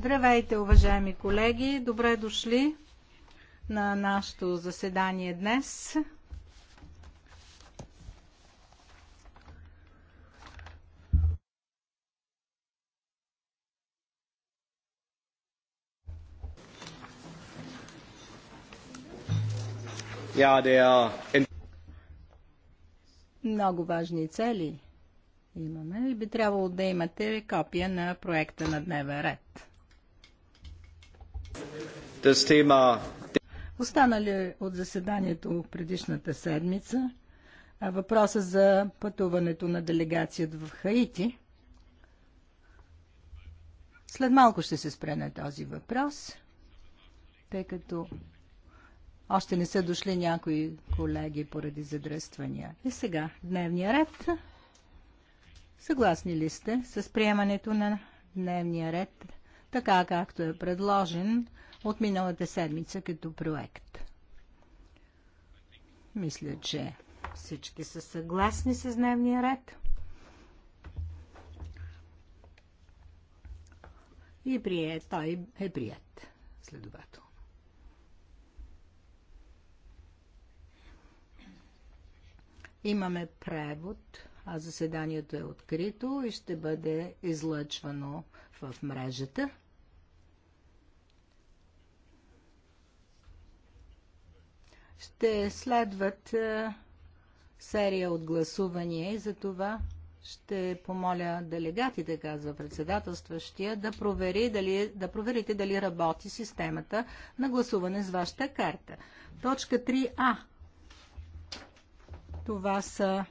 Здравейте, уважаеми колеги. Добре дошли на нашето заседание днес. Yeah, they много важни цели имаме и би трябвало да имате копия на проекта на дневен ред. Останали от заседанието предишната седмица въпроса за пътуването на делегацията в Хаити. След малко ще се спре на този въпрос, тъй като още не са дошли някои колеги поради задръствания. И сега, дневния ред. Съгласни ли сте с приемането на дневния ред, така както е предложен от миналата седмица като проект? Мисля, че всички са съгласни с дневния ред. И прие, той е прият, следовато. Имаме превод, а заседанието е открито и ще бъде излъчвано в мрежата. Ще следват серия от гласувания и за това ще помоля делегатите, казва председателстващия, да, провери дали, да проверите дали работи системата на гласуване с вашата карта. Точка 3А това, са,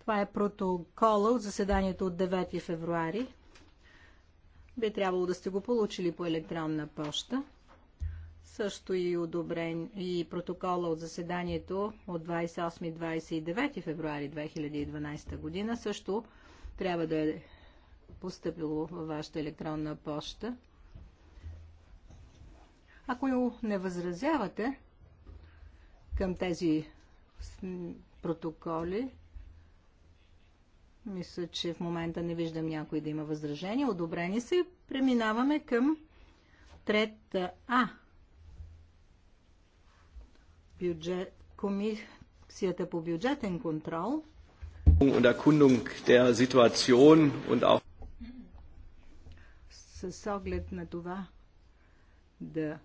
това е протокола от заседанието от 9 февруари. Би трябвало да сте го получили по електронна поща. Също и одобрен и протокола от заседанието от 28-29 февруари 2012 година също трябва да е поступило във вашата електронна поща. Ако не възразявате към тези протоколи. Мисля, че в момента не виждам някой да има възражение. Одобрени се. Преминаваме към трета А. Бюджет, комисията по бюджетен контрол. с оглед на това да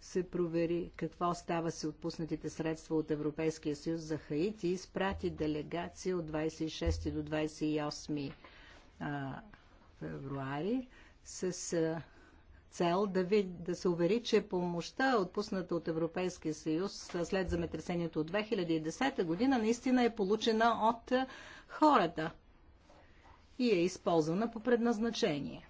се провери какво става с отпуснатите средства от Европейския съюз за Хаити, и изпрати делегация от 26 до 28 а, февруари с а, цел да, ви, да се увери, че помощта, отпусната от Европейския съюз след земетресението от 2010 година, наистина е получена от хората и е използвана по предназначение.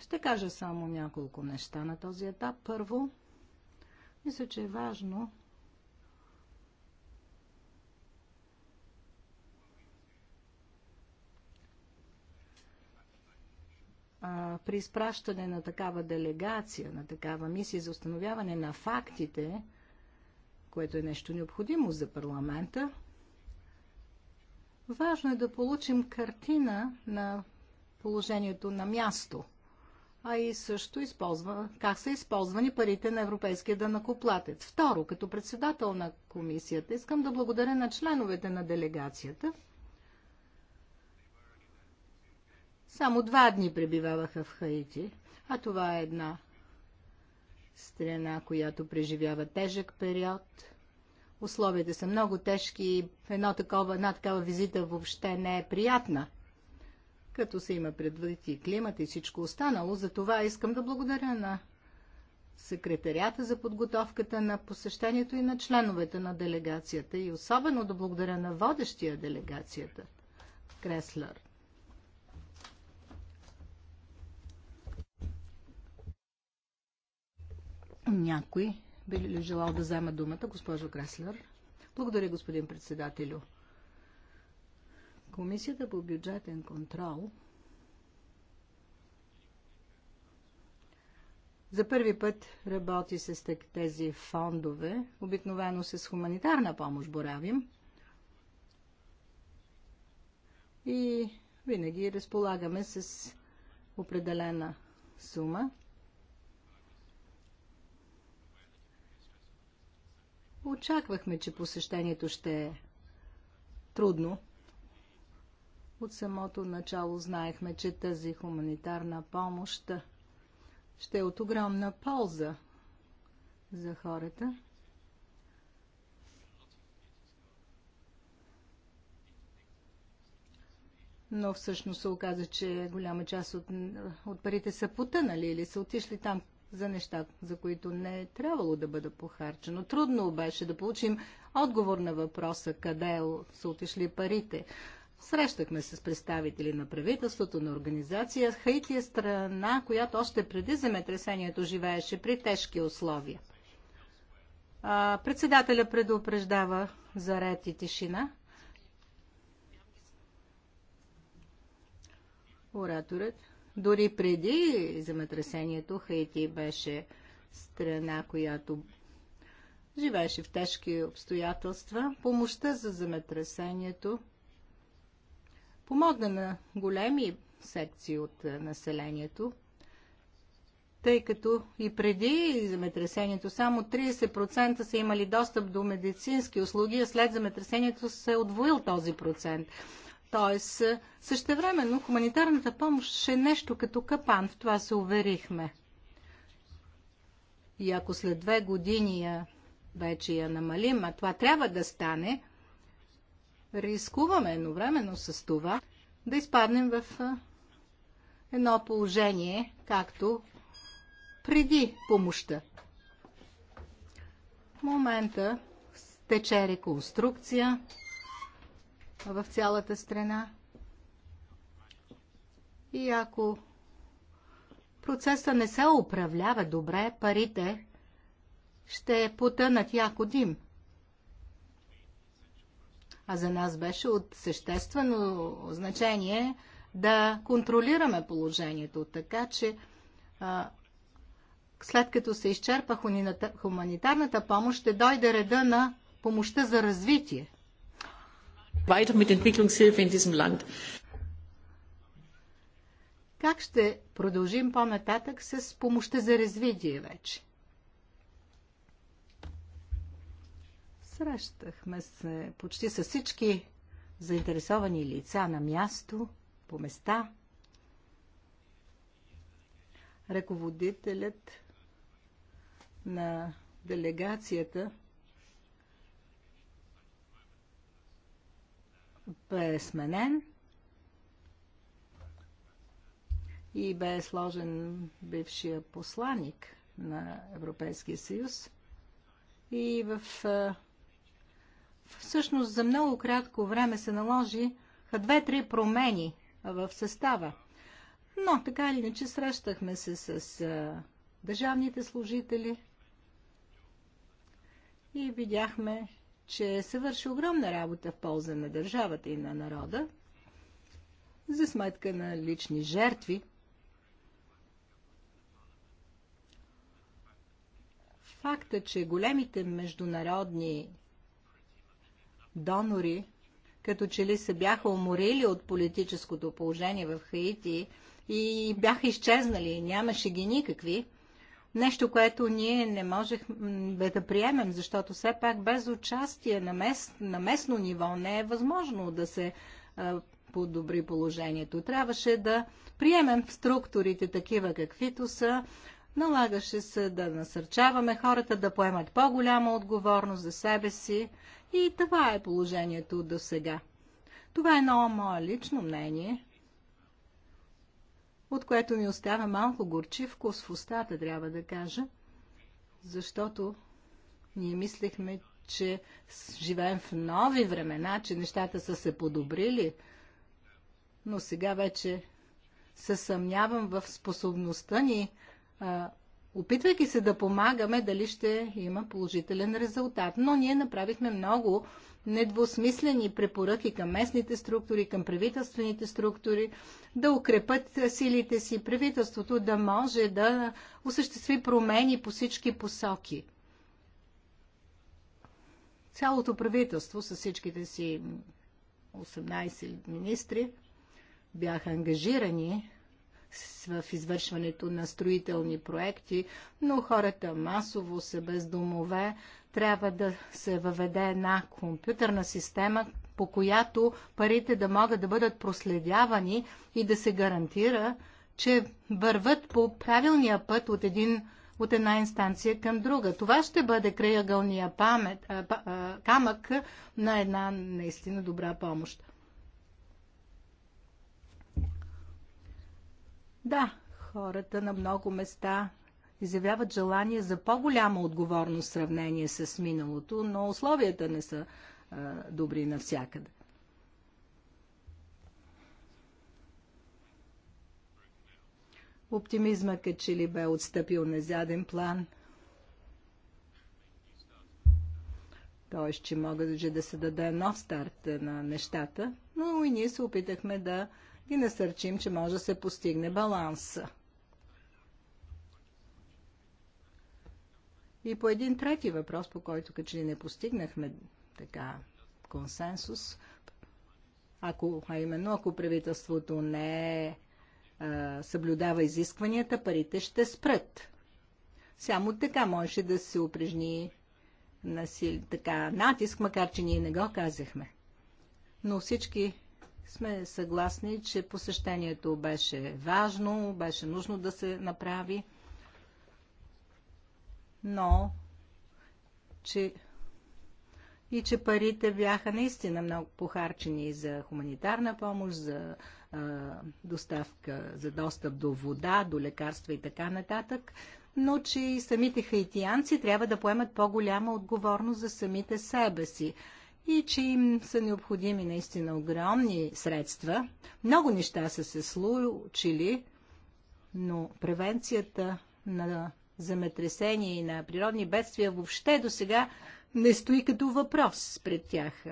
Ще кажа само няколко неща на този етап. Първо, мисля, че е важно при изпращане на такава делегация, на такава мисия за установяване на фактите, което е нещо необходимо за парламента, важно е да получим картина на положението на място – а и също използва, как са използвани парите на европейския дънакоплатец. Второ, като председател на комисията, искам да благодаря на членовете на делегацията. Само два дни пребиваваха в Хаити, а това е една страна, която преживява тежък период. Условията са много тежки и едно една такава визита въобще не е приятна като се има предвид и климат и всичко останало. За това искам да благодаря на секретарията за подготовката на посещението и на членовете на делегацията и особено да благодаря на водещия делегацията Креслер. Някой би ли желал да взема думата, госпожо Креслер? Благодаря, господин председателю. Комисията по бюджетен контрол за първи път работи с тези фондове. Обикновено с хуманитарна помощ боравим. И винаги разполагаме с определена сума. Очаквахме, че посещението ще е трудно, от самото начало знаехме, че тази хуманитарна помощ ще е от огромна полза за хората. Но всъщност се оказа, че голяма част от, от парите са потънали или са отишли там за неща, за които не е трябвало да бъде похарчено. Трудно беше да получим отговор на въпроса къде са отишли парите. Срещахме се с представители на правителството, на организация. Хаити е страна, която още преди земетресението живееше при тежки условия. А, председателя предупреждава за ред и тишина. Ораторът. Дори преди земетресението Хаити беше страна, която живееше в тежки обстоятелства. Помощта за земетресението помогна на големи секции от е, населението, тъй като и преди земетресението само 30% са имали достъп до медицински услуги, а след земетресението се е отвоил този процент. Тоест, е, същевременно хуманитарната помощ е нещо като капан, в това се уверихме. И ако след две години я, вече я намалим, а това трябва да стане – рискуваме едновременно с това да изпаднем в едно положение, както преди помощта. В момента тече реконструкция в цялата страна. И ако процеса не се управлява добре, парите ще потънат яко дим. А за нас беше от съществено значение да контролираме положението, така че а, след като се изчерпа хуманитарната помощ, ще дойде реда на помощта за развитие. Как ще продължим по-нататък с помощта за развитие вече? Срещахме се почти с всички заинтересовани лица на място, по места. Ръководителят на делегацията бе сменен и бе сложен бившия посланник на Европейския съюз. И в всъщност за много кратко време се наложи две-три промени в състава. Но така или иначе срещахме се с а, държавните служители и видяхме, че се върши огромна работа в полза на държавата и на народа за сметка на лични жертви. Факта, че големите международни донори, като че ли се бяха уморили от политическото положение в Хаити и бяха изчезнали, нямаше ги никакви. Нещо, което ние не можехме да приемем, защото все пак без участие на, мест, на местно ниво не е възможно да се подобри положението. Трябваше да приемем структурите такива каквито са. Налагаше се да насърчаваме хората да поемат по-голяма отговорност за себе си, и това е положението до сега. Това е едно мое лично мнение, от което ми остава малко горчив вкус в устата, трябва да кажа, защото ние мислехме, че живеем в нови времена, че нещата са се подобрили, но сега вече се съмнявам в способността ни а, опитвайки се да помагаме, дали ще има положителен резултат. Но ние направихме много недвусмислени препоръки към местните структури, към правителствените структури, да укрепат силите си, правителството да може да осъществи промени по всички посоки. Цялото правителство с всичките си 18 министри бяха ангажирани в извършването на строителни проекти, но хората масово са без домове. Трябва да се въведе една компютърна система, по която парите да могат да бъдат проследявани и да се гарантира, че върват по правилния път от един от една инстанция към друга. Това ще бъде краягълния памет, а, а, камък на една наистина добра помощ. Да, хората на много места изявяват желание за по-голяма отговорност в сравнение с миналото, но условията не са а, добри навсякъде. Оптимизма че ли бе отстъпил на заден план. Тоест, че мога да се даде нов старт на нещата, но и ние се опитахме да ги насърчим, че може да се постигне баланс. И по един трети въпрос, по който като че не постигнахме така консенсус, ако, а именно ако правителството не е, съблюдава изискванията, парите ще спрат. Само така можеше да се упражни насили, така, натиск, макар че ние не го казахме. Но всички сме съгласни, че посещението беше важно, беше нужно да се направи, но че и че парите бяха наистина много похарчени за хуманитарна помощ, за а, доставка, за достъп до вода, до лекарства и така нататък, но че и самите хаитиянци трябва да поемат по-голяма отговорност за самите себе си и че им са необходими наистина огромни средства. Много неща са се случили, но превенцията на земетресения и на природни бедствия въобще до сега не стои като въпрос пред тях.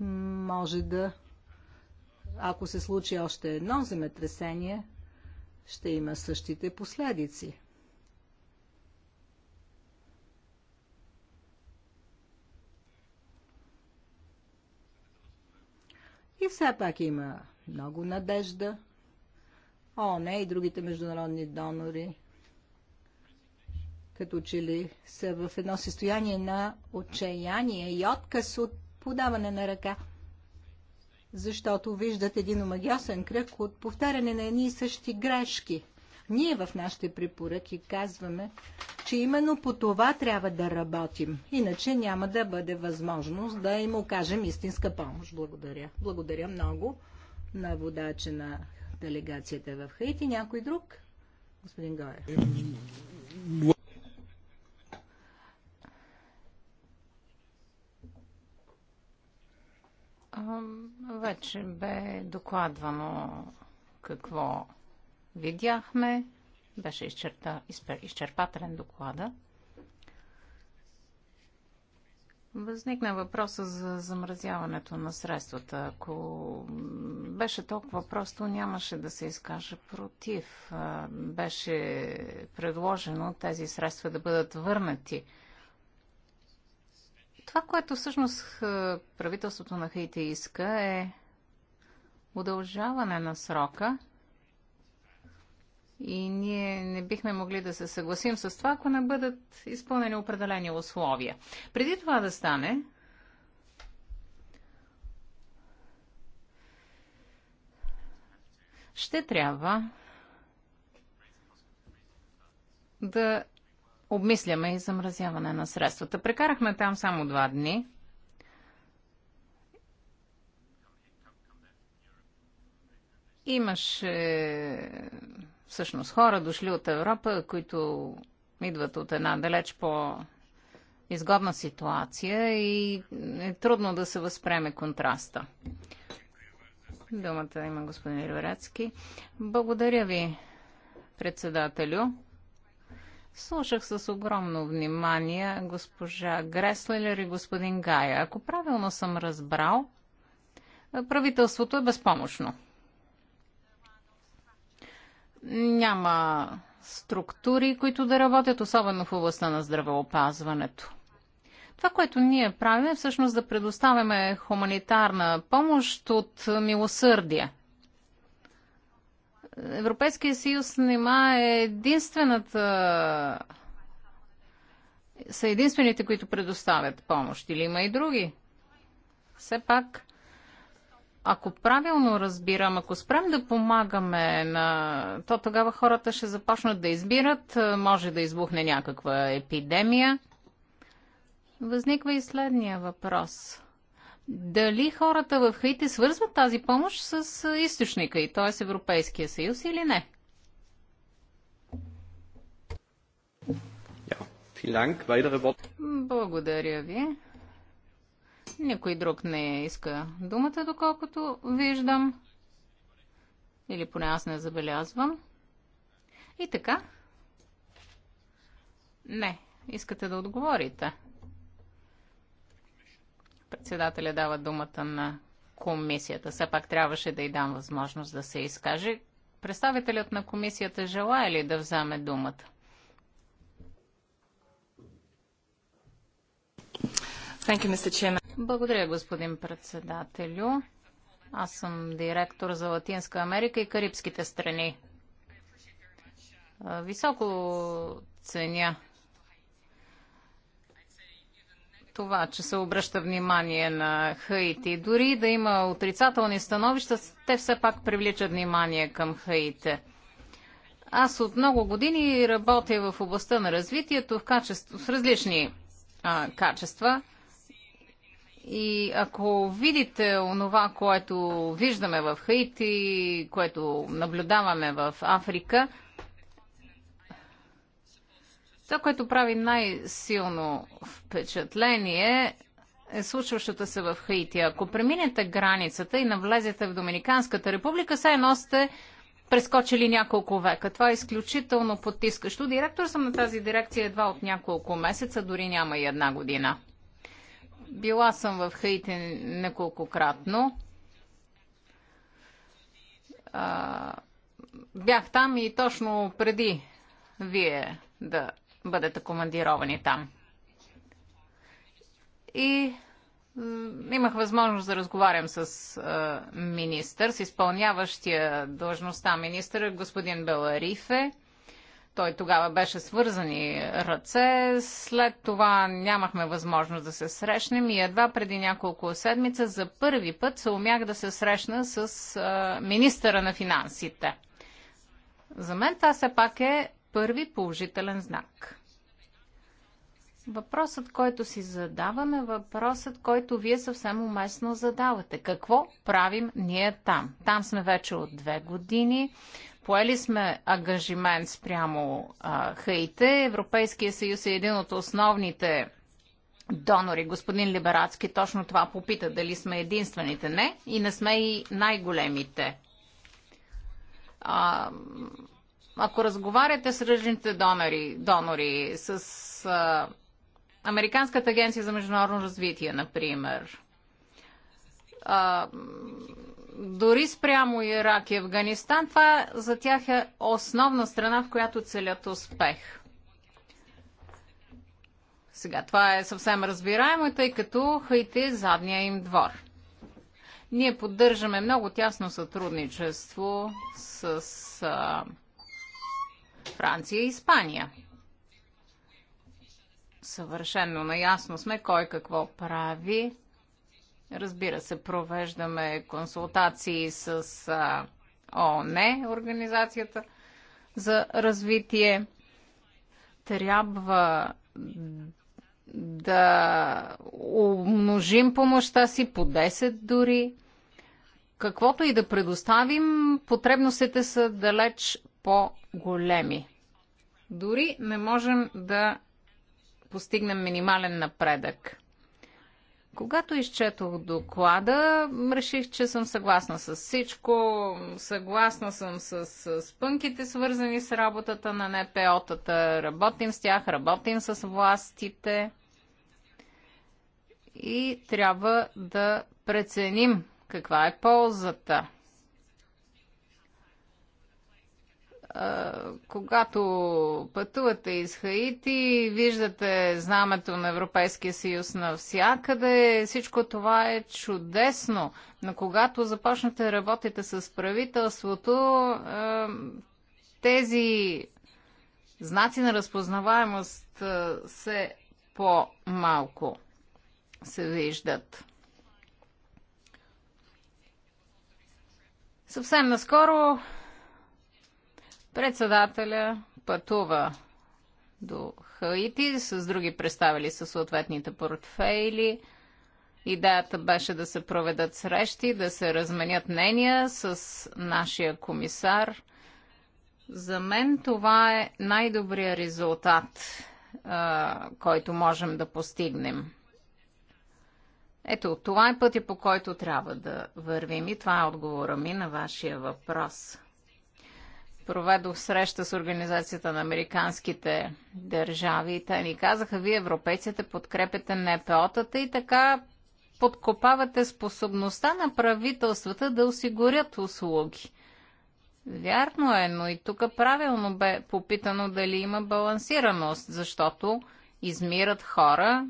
Може да, ако се случи още едно земетресение, ще има същите последици. И все пак има много надежда. не и другите международни донори като че ли са в едно състояние на отчаяние и отказ от подаване на ръка. Защото виждат един омагиосен кръг от повтаряне на едни и същи грешки. Ние в нашите препоръки казваме, че именно по това трябва да работим. Иначе няма да бъде възможност да им окажем истинска помощ. Благодаря. Благодаря много на водача на делегацията в Хаити. Някой друг? Господин Гоев. Вече бе докладвано какво видяхме. Беше изчерта, изчерпателен доклада. Възникна въпроса за замразяването на средствата. Ако беше толкова просто, нямаше да се изкаже против. Беше предложено тези средства да бъдат върнати. Това, което всъщност правителството на Хаити иска е удължаване на срока – и ние не бихме могли да се съгласим с това, ако не бъдат изпълнени определени условия. Преди това да стане, ще трябва да обмисляме и замразяване на средствата. Прекарахме там само два дни. Имаше всъщност хора дошли от Европа, които идват от една далеч по изгодна ситуация и е трудно да се възпреме контраста. Думата има господин Риверецки. Благодаря ви, председателю. Слушах с огромно внимание госпожа Греслелер и господин Гая. Ако правилно съм разбрал, правителството е безпомощно. Няма структури, които да работят, особено в областта на здравеопазването. Това, което ние правим, е всъщност да предоставяме хуманитарна помощ от милосърдие. Европейския съюз нема е единствената са единствените, които предоставят помощ. Или има и други? Все пак ако правилно разбирам, ако спрем да помагаме, на... то тогава хората ще започнат да избират, е, може да избухне някаква епидемия. Възниква и следния въпрос. Дали хората в Хаити свързват тази помощ с е, източника и т.е. Европейския съюз или не? Благодаря ви. Никой друг не иска думата, доколкото виждам. Или поне аз не забелязвам. И така. Не, искате да отговорите. Председателя дава думата на комисията. Все пак трябваше да й дам възможност да се изкаже. Представителят на комисията желая ли да вземе думата? You, благодаря, господин председателю. Аз съм директор за Латинска Америка и Карибските страни. Високо ценя това, че се обръща внимание на Хаити. Дори да има отрицателни становища, те все пак привличат внимание към Хаити. Аз от много години работя в областта на развитието в, качество, в различни а, качества – и ако видите онова, което виждаме в Хаити, което наблюдаваме в Африка, това, което прави най-силно впечатление е случващата се в Хаити. Ако преминете границата и навлезете в Доминиканската република, се едно сте прескочили няколко века. Това е изключително потискащо. Директор съм на тази дирекция едва от няколко месеца, дори няма и една година. Била съм в Хаити неколкократно. А, бях там и точно преди вие да бъдете командировани там. И имах възможност да разговарям с а, министър, с изпълняващия длъжността министър, господин Беларифе. Той тогава беше свързани ръце, след това нямахме възможност да се срещнем и едва преди няколко седмица за първи път се умях да се срещна с а, министъра на финансите. За мен това все пак е първи положителен знак. Въпросът, който си задаваме, е въпросът, който вие съвсем уместно задавате. Какво правим ние там? Там сме вече от две години. Поели сме ангажимент спрямо а, Хаите. Европейския съюз е един от основните донори. Господин Либерацки точно това попита. Дали сме единствените? Не. И не сме и най-големите. А, ако разговаряте с ръжните донори, донори с а, Американската агенция за международно развитие, например, а, дори спрямо Ирак и Афганистан, това за тях е основна страна, в която целят успех. Сега това е съвсем разбираемо, тъй като Хаити е задния им двор. Ние поддържаме много тясно сътрудничество с а, Франция и Испания. Съвършенно наясно сме кой какво прави Разбира се, провеждаме консултации с ООН, Организацията за развитие. Трябва да умножим помощта си по 10 дори. Каквото и да предоставим, потребностите са далеч по-големи. Дори не можем да постигнем минимален напредък. Когато изчетох доклада, реших, че съм съгласна с всичко. Съгласна съм с, с спънките, свързани с работата на НПО-тата. Работим с тях, работим с властите. И трябва да преценим каква е ползата когато пътувате из Хаити, виждате знамето на Европейския съюз навсякъде. Всичко това е чудесно, но когато започнете да работите с правителството, тези знаци на разпознаваемост се по-малко се виждат. Съвсем наскоро Председателя пътува до Хаити с други представили със съответните портфейли. Идеята беше да се проведат срещи, да се разменят мнения с нашия комисар. За мен това е най-добрият резултат, който можем да постигнем. Ето, това е пътя, по който трябва да вървим и това е отговора ми на вашия въпрос проведох среща с Организацията на американските държави и те ни казаха, вие европейците подкрепяте НПО-тата и така подкопавате способността на правителствата да осигурят услуги. Вярно е, но и тук правилно бе попитано дали има балансираност, защото измират хора,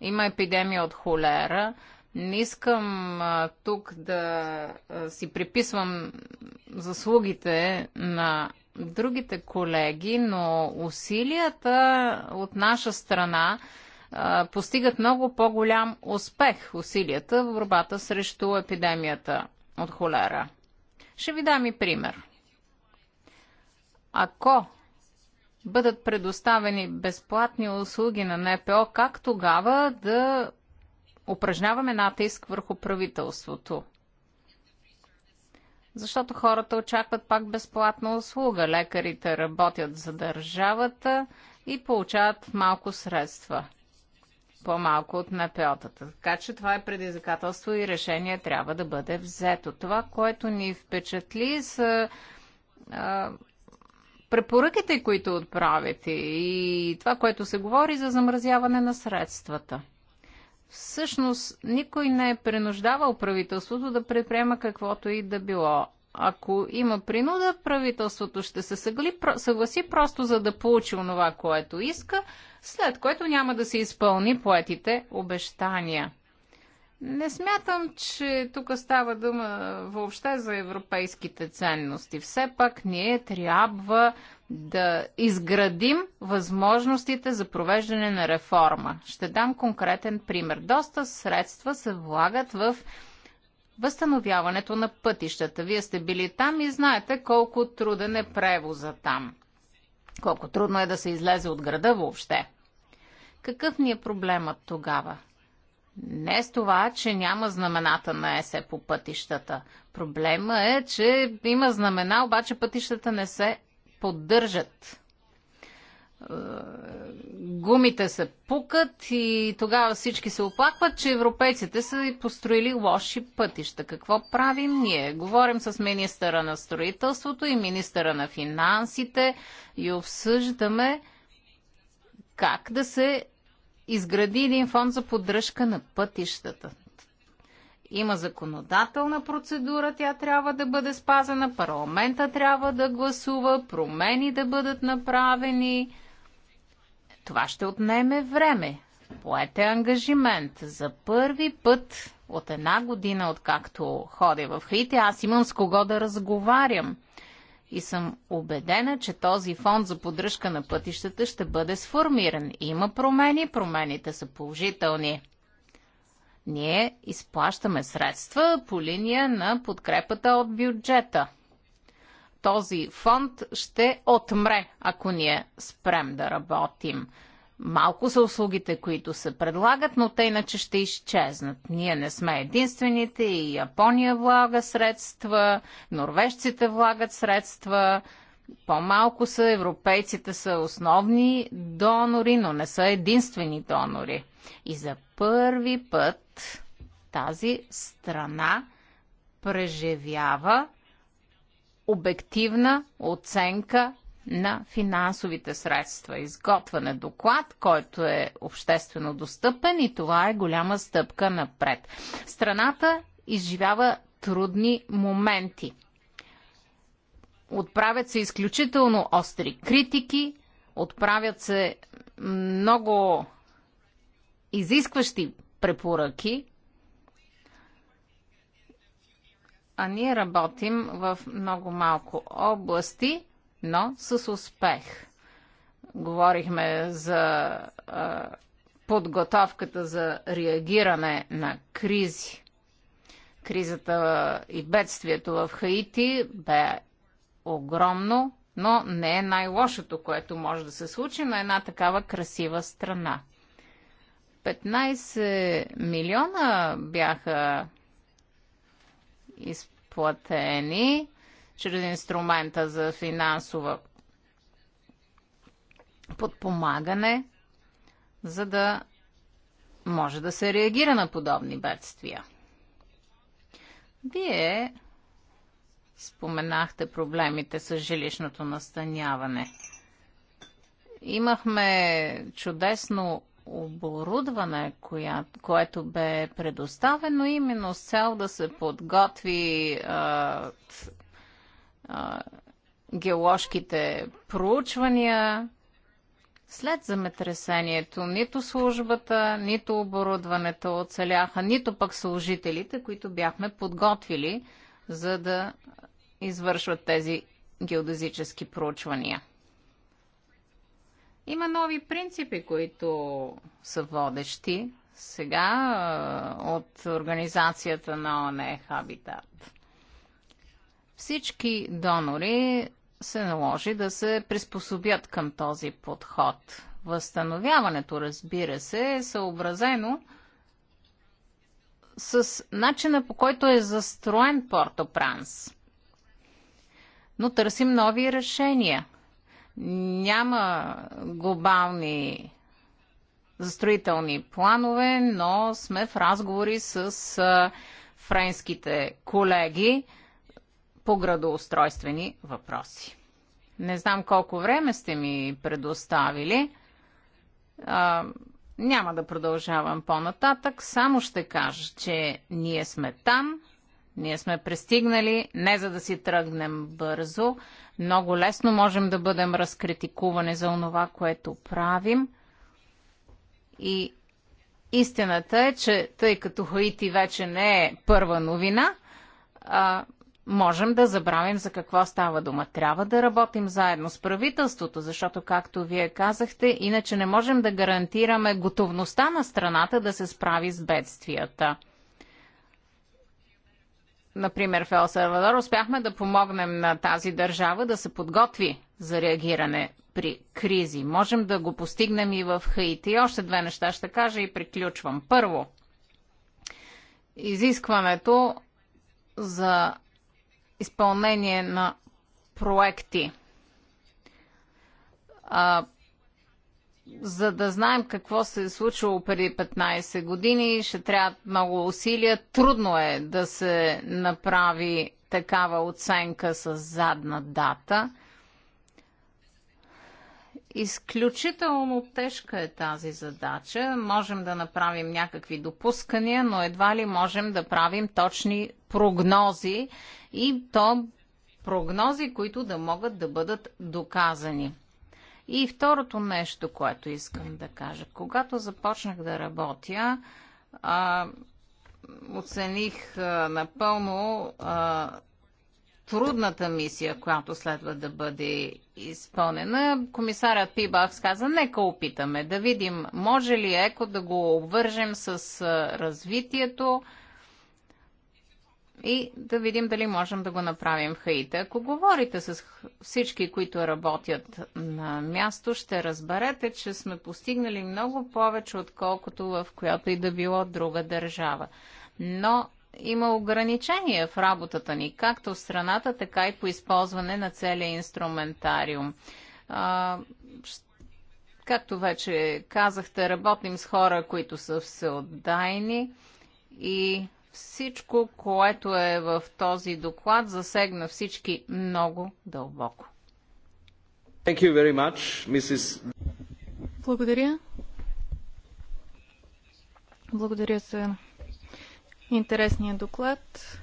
има епидемия от холера, не искам а, тук да а, си приписвам заслугите на другите колеги, но усилията от наша страна а, постигат много по-голям успех усилията в борбата срещу епидемията от холера. Ще ви дам и пример. Ако бъдат предоставени безплатни услуги на НПО, как тогава да упражняваме натиск върху правителството. Защото хората очакват пак безплатна услуга. Лекарите работят за държавата и получават малко средства. По-малко от нпо Така че това е предизвикателство и решение трябва да бъде взето. Това, което ни впечатли са а, препоръките, които отправите и това, което се говори за замразяване на средствата – Всъщност, никой не е принуждавал правителството да предприема каквото и да било. Ако има принуда, правителството ще се съгласи просто за да получи онова, което иска, след което няма да се изпълни поетите обещания. Не смятам, че тук става дума въобще за европейските ценности. Все пак ние трябва да изградим възможностите за провеждане на реформа. Ще дам конкретен пример. Доста средства се влагат в възстановяването на пътищата. Вие сте били там и знаете колко труден е превоза там. Колко трудно е да се излезе от града въобще. Какъв ни е проблемът тогава? Не с това, че няма знамената на ЕСЕ по пътищата. Проблема е, че има знамена, обаче пътищата не се поддържат. Е, гумите се пукат и тогава всички се оплакват, че европейците са построили лоши пътища. Какво правим ние? Говорим с министъра на строителството и министъра на финансите и обсъждаме как да се изгради един фонд за поддръжка на пътищата. Има законодателна процедура, тя трябва да бъде спазена, парламента трябва да гласува, промени да бъдат направени. Това ще отнеме време. Поете ангажимент. За първи път от една година, откакто ходя в Хаити, аз имам с кого да разговарям. И съм убедена, че този фонд за поддръжка на пътищата ще бъде сформиран. Има промени, промените са положителни. Ние изплащаме средства по линия на подкрепата от бюджета. Този фонд ще отмре, ако ние спрем да работим. Малко са услугите, които се предлагат, но те иначе ще изчезнат. Ние не сме единствените и Япония влага средства, норвежците влагат средства, по-малко са европейците са основни донори, но не са единствени донори. И за първи път тази страна преживява обективна оценка на финансовите средства. Изготвен е доклад, който е обществено достъпен и това е голяма стъпка напред. Страната изживява трудни моменти. Отправят се изключително остри критики, отправят се много изискващи препоръки. А ние работим в много малко области, но с успех. Говорихме за а, подготовката за реагиране на кризи. Кризата и бедствието в Хаити бе огромно, но не е най-лошото, което може да се случи на една такава красива страна. 15 милиона бяха изплатени чрез инструмента за финансова подпомагане, за да може да се реагира на подобни бедствия. Вие споменахте проблемите с жилищното настаняване. Имахме чудесно оборудване, коя, което бе предоставено именно с цел да се подготви а, а, геоложките проучвания след земетресението. Нито службата, нито оборудването оцеляха, нито пък служителите, които бяхме подготвили, за да извършват тези геодезически проучвания. Има нови принципи, които са водещи сега от организацията на ОНЕ Хабитат. Всички донори се наложи да се приспособят към този подход. Възстановяването, разбира се, е съобразено с начина по който е застроен Порто Пранс. Но търсим нови решения – няма глобални застроителни планове, но сме в разговори с френските колеги по градоустройствени въпроси. Не знам колко време сте ми предоставили. А, няма да продължавам по-нататък. Само ще кажа, че ние сме там ние сме пристигнали не за да си тръгнем бързо. Много лесно можем да бъдем разкритикувани за онова, което правим. И истината е, че тъй като Хаити вече не е първа новина, а, можем да забравим за какво става дума. Трябва да работим заедно с правителството, защото, както вие казахте, иначе не можем да гарантираме готовността на страната да се справи с бедствията например в Ел Салвадор, успяхме да помогнем на тази държава да се подготви за реагиране при кризи. Можем да го постигнем и в Хаити. И още две неща ще кажа и приключвам. Първо, изискването за изпълнение на проекти за да знаем какво се е случило преди 15 години, ще трябва много усилия. Трудно е да се направи такава оценка с задна дата. Изключително тежка е тази задача. Можем да направим някакви допускания, но едва ли можем да правим точни прогнози и то прогнози, които да могат да бъдат доказани. И второто нещо, което искам да кажа. Когато започнах да работя, а, оцених а, напълно а, трудната мисия, която следва да бъде изпълнена. Комисарят Пибах каза, нека опитаме да видим, може ли ЕКО да го обвържем с развитието и да видим дали можем да го направим в Хаити. Ако говорите с всички, които работят на място, ще разберете, че сме постигнали много повече, отколкото в която и да било друга държава. Но има ограничения в работата ни, както в страната, така и по използване на целия инструментариум. А, както вече казахте, работим с хора, които са всеотдайни и всичко, което е в този доклад, засегна всички много дълбоко. Thank you very much, Mrs. Благодаря. Благодаря за интересния доклад.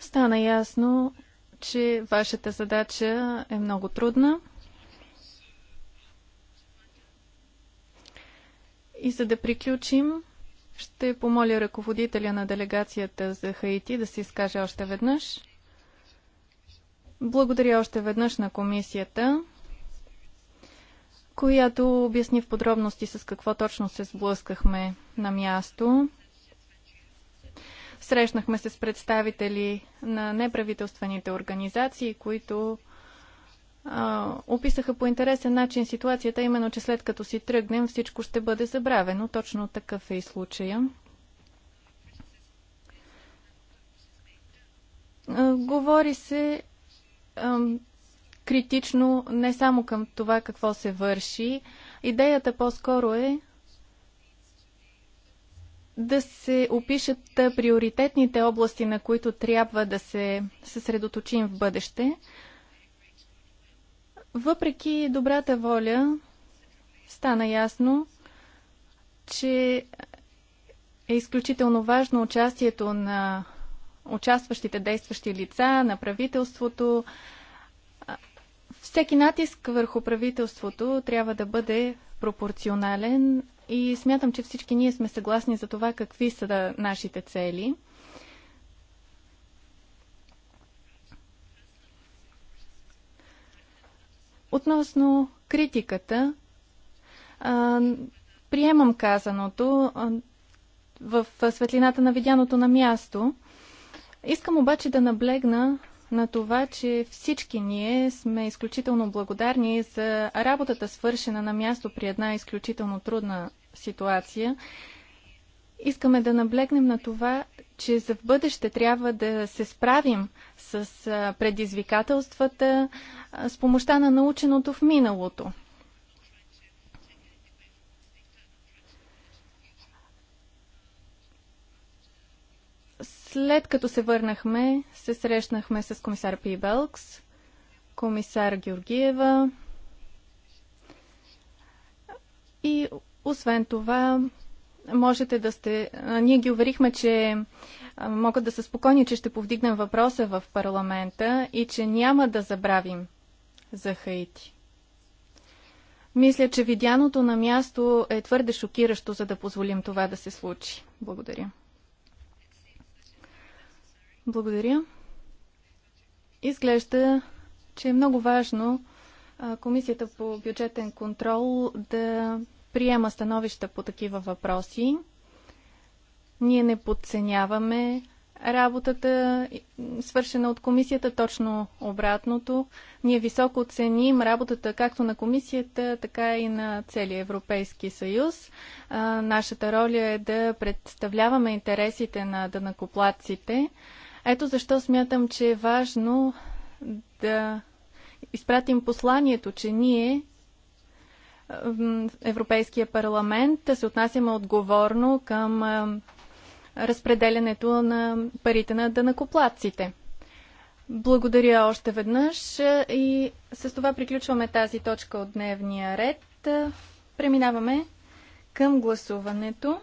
Стана ясно, че вашата задача е много трудна. И за да приключим, ще помоля ръководителя на делегацията за Хаити да се изкаже още веднъж. Благодаря още веднъж на комисията, която обясни в подробности с какво точно се сблъскахме на място. Срещнахме се с представители на неправителствените организации, които а, описаха по интересен начин ситуацията, именно, че след като си тръгнем, всичко ще бъде забравено. Точно такъв е и случая. говори се а, критично не само към това какво се върши. Идеята по-скоро е да се опишат приоритетните области, на които трябва да се съсредоточим в бъдеще, въпреки добрата воля, стана ясно, че е изключително важно участието на участващите действащи лица, на правителството. Всеки натиск върху правителството трябва да бъде пропорционален и смятам, че всички ние сме съгласни за това какви са нашите цели – Относно критиката, приемам казаното в светлината на видяното на място. Искам обаче да наблегна на това, че всички ние сме изключително благодарни за работата свършена на място при една изключително трудна ситуация Искаме да наблегнем на това, че за в бъдеще трябва да се справим с предизвикателствата с помощта на наученото в миналото. След като се върнахме, се срещнахме с комисар Пи Белкс, комисар Георгиева и освен това можете да сте... Ние ги уверихме, че могат да са спокойни, че ще повдигнем въпроса в парламента и че няма да забравим за Хаити. Мисля, че видяното на място е твърде шокиращо, за да позволим това да се случи. Благодаря. Благодаря. Изглежда, че е много важно комисията по бюджетен контрол да приема становища по такива въпроси. Ние не подценяваме работата, свършена от комисията, точно обратното. Ние високо оценим работата както на комисията, така и на целия Европейски съюз. А, нашата роля е да представляваме интересите на дънакоплатците. Ето защо смятам, че е важно да изпратим посланието, че ние Европейския парламент да се отнасяме отговорно към разпределянето на парите на дънакоплаците. Благодаря още веднъж и с това приключваме тази точка от дневния ред. Преминаваме към гласуването.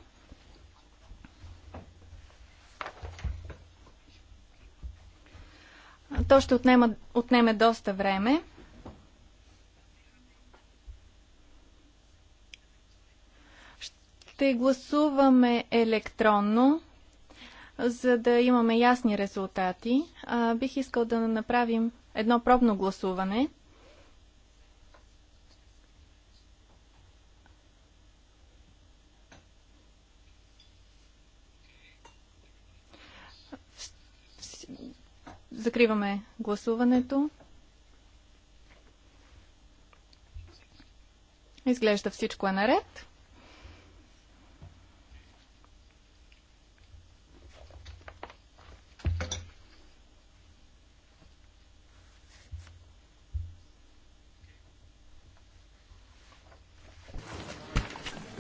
То ще отнема, отнеме доста време. Ще гласуваме електронно, за да имаме ясни резултати. А, бих искал да направим едно пробно гласуване. Закриваме гласуването. Изглежда всичко е наред.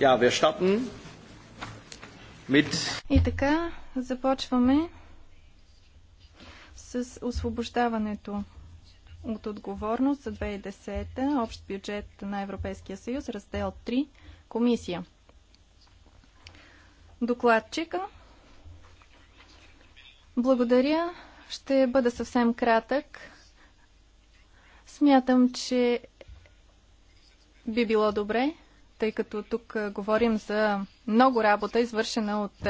Ja, wir starten mit... И така, започваме с освобождаването от отговорност за 2010 общ бюджет на Европейския съюз, раздел 3, комисия. Докладчика. Благодаря. Ще бъда съвсем кратък. Смятам, че би било добре тъй като тук говорим за много работа, извършена от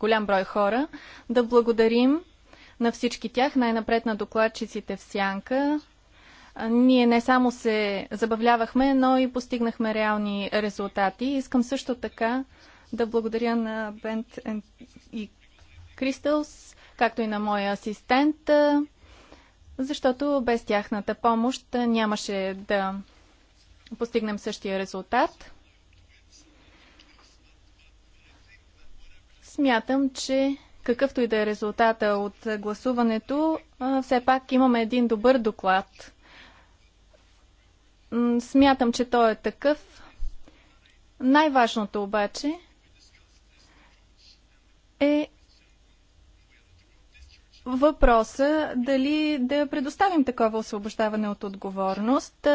голям брой хора. Да благодарим на всички тях, най-напред на докладчиците в Сянка. Ние не само се забавлявахме, но и постигнахме реални резултати. Искам също така да благодаря на Бент и Кристалс, както и на моя асистент, защото без тяхната помощ нямаше да постигнем същия резултат. Смятам, че какъвто и да е резултата от гласуването, все пак имаме един добър доклад. Смятам, че той е такъв. Най-важното обаче е въпроса дали да предоставим такова освобождаване от отговорност.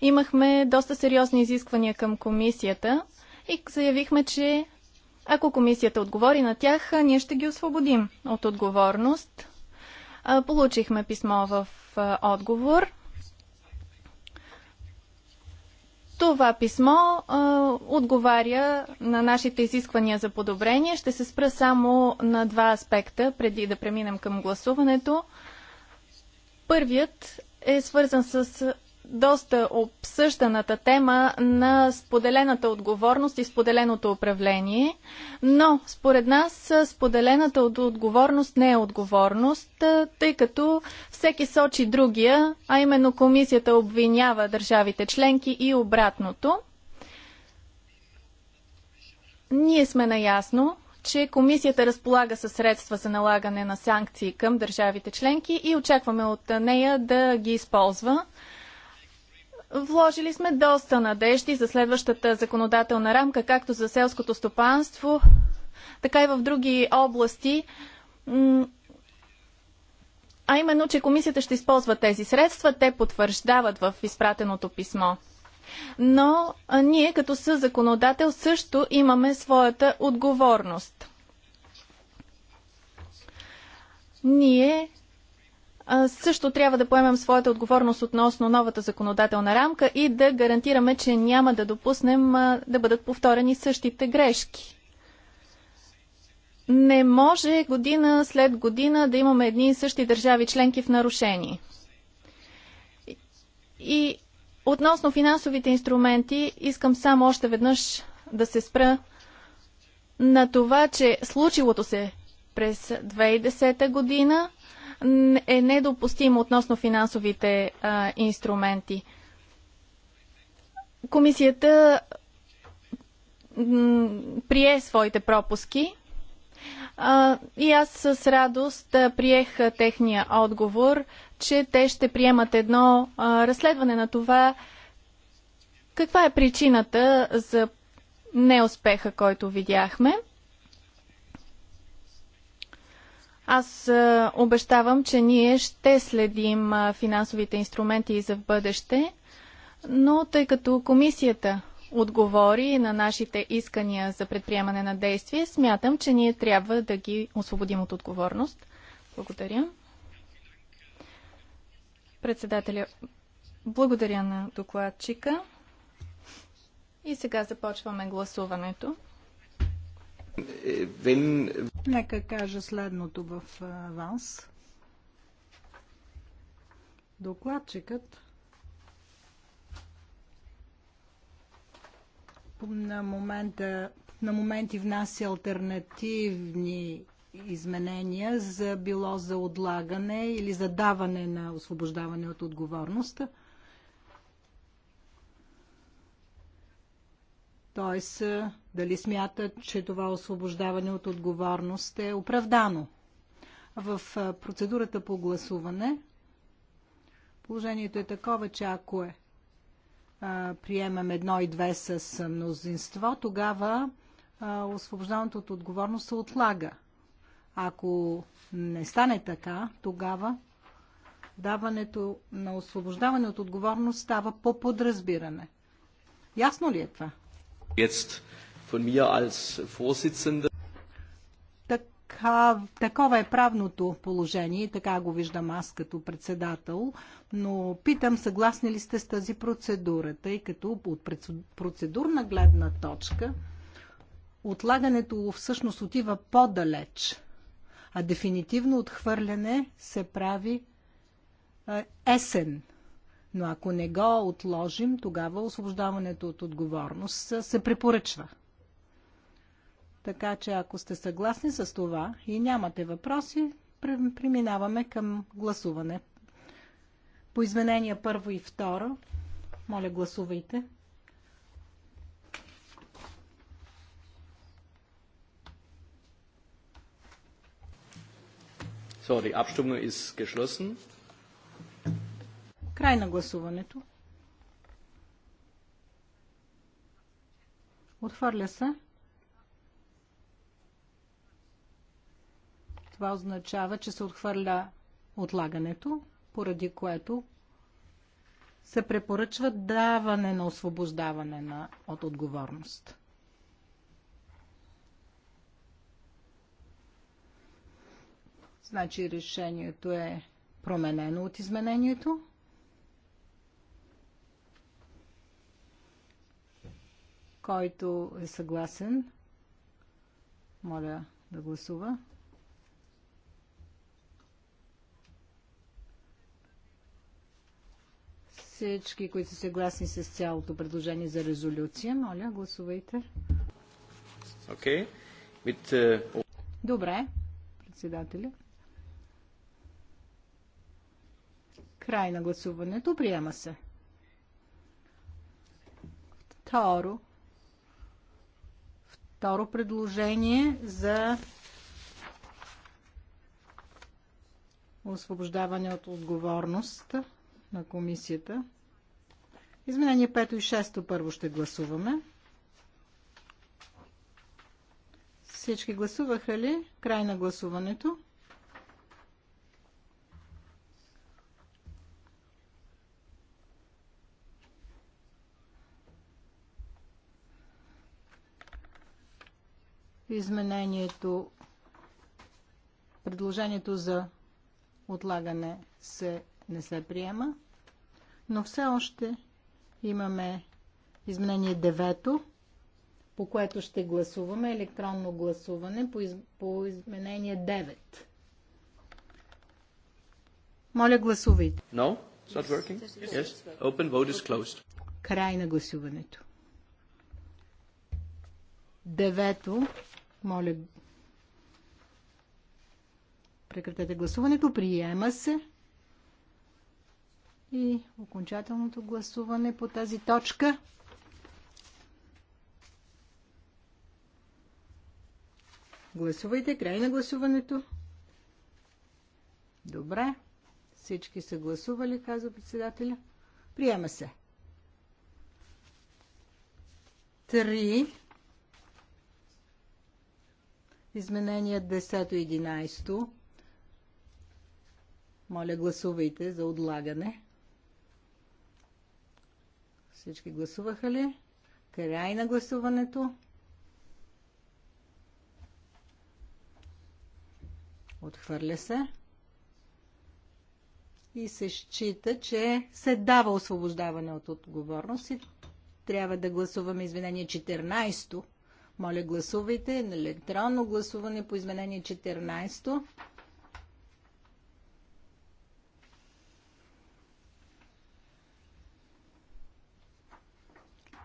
Имахме доста сериозни изисквания към комисията и заявихме, че ако комисията отговори на тях, ние ще ги освободим от отговорност. Получихме писмо в отговор. Това писмо а, отговаря на нашите изисквания за подобрение. Ще се спра само на два аспекта, преди да преминем към гласуването. Първият е свързан с доста обсъжданата тема на споделената отговорност и споделеното управление, но според нас споделената отговорност не е отговорност, тъй като всеки сочи другия, а именно комисията обвинява държавите членки и обратното. Ние сме наясно, че комисията разполага със средства за налагане на санкции към държавите членки и очакваме от нея да ги използва. Вложили сме доста надежди за следващата законодателна рамка, както за селското стопанство, така и в други области. А именно, че комисията ще използва тези средства, те потвърждават в изпратеното писмо. Но а ние като съ законодател също имаме своята отговорност. Ние също трябва да поемем своята отговорност относно новата законодателна рамка и да гарантираме, че няма да допуснем да бъдат повторени същите грешки. Не може година след година да имаме едни и същи държави членки в нарушение. И относно финансовите инструменти, искам само още веднъж да се спра на това, че случилото се през 2010 година – е недопустимо относно финансовите а, инструменти. Комисията прие своите пропуски а, и аз с радост приех техния отговор, че те ще приемат едно а, разследване на това каква е причината за неуспеха, който видяхме. Аз е, обещавам, че ние ще следим е, финансовите инструменти и за в бъдеще, но тъй като комисията отговори на нашите искания за предприемане на действие, смятам, че ние трябва да ги освободим от отговорност. Благодаря. Председателя, благодаря на докладчика. И сега започваме гласуването. Нека кажа следното в аванс. Докладчикът на, момента, на моменти внася альтернативни изменения за било за отлагане или за даване на освобождаване от отговорността. Т.е. дали смятат, че това освобождаване от отговорност е оправдано. В процедурата по гласуване положението е такова, че ако е приемем едно и две с мнозинство, тогава а, освобождаването от отговорност се отлага. Ако не стане така, тогава даването на освобождаване от отговорност става по подразбиране. Ясно ли е това? Така, такова е правното положение, така го виждам аз като председател, но питам съгласни ли сте с тази процедура, тъй като от процедурна гледна точка отлагането всъщност отива по-далеч, а дефинитивно отхвърляне се прави есен но ако не го отложим, тогава освобождаването от отговорност се препоръчва. Така че ако сте съгласни с това и нямате въпроси, преминаваме към гласуване. По изменения първо и второ, моля гласувайте. So, die Abstimmung ist geschlossen. Край на гласуването. Отхвърля се. Това означава, че се отхвърля отлагането, поради което се препоръчва даване на освобождаване на, от отговорност. Значи решението е променено от изменението. Който е съгласен, моля да гласува. Всички, които са съгласни с цялото предложение за резолюция, моля, гласувайте. Okay. With, uh... Добре, председателя. Край на гласуването. Приема се. Второ, Второ предложение за освобождаване от отговорност на комисията. Изменение 5 и 6 първо ще гласуваме. Всички гласуваха ли? Край на гласуването. Изменението, предложението за отлагане се, не се приема, но все още имаме изменение 9 по което ще гласуваме електронно гласуване по, из... по изменение 9. Моля, гласувайте. No? It's not working? Yes? Open vote is closed. Край на гласуването. Девето моля, прекратете гласуването. Приема се. И окончателното гласуване по тази точка. Гласувайте. Край на гласуването. Добре. Всички са гласували, казва председателя. Приема се. Три. Изменения 10 и 11. Моля, гласувайте за отлагане. Всички гласуваха ли? Край на гласуването. Отхвърля се. И се счита, че се дава освобождаване от отговорност и трябва да гласуваме извинение 14-то. Моля, гласувайте на електронно гласуване по изменение 14.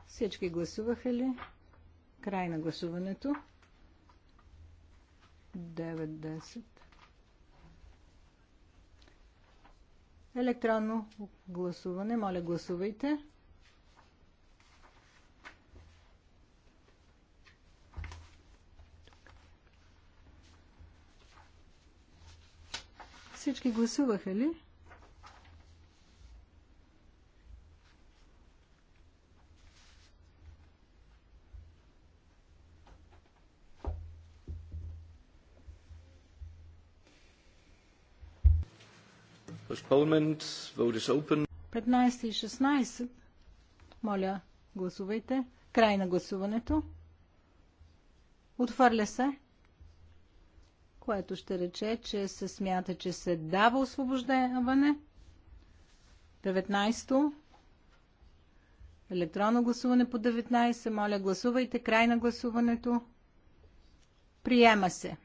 Всички гласуваха ли? Край на гласуването. 9-10. Електронно гласуване. Моля, гласувайте. Всички гласуваха ли? Postponement. Vote is open. 15 и 16. Моля, гласувайте. Край на гласуването. Отвърля се което ще рече, че се смята, че се дава освобождаване. 19. Електронно гласуване по 19. Моля, гласувайте. Край на гласуването. Приема се.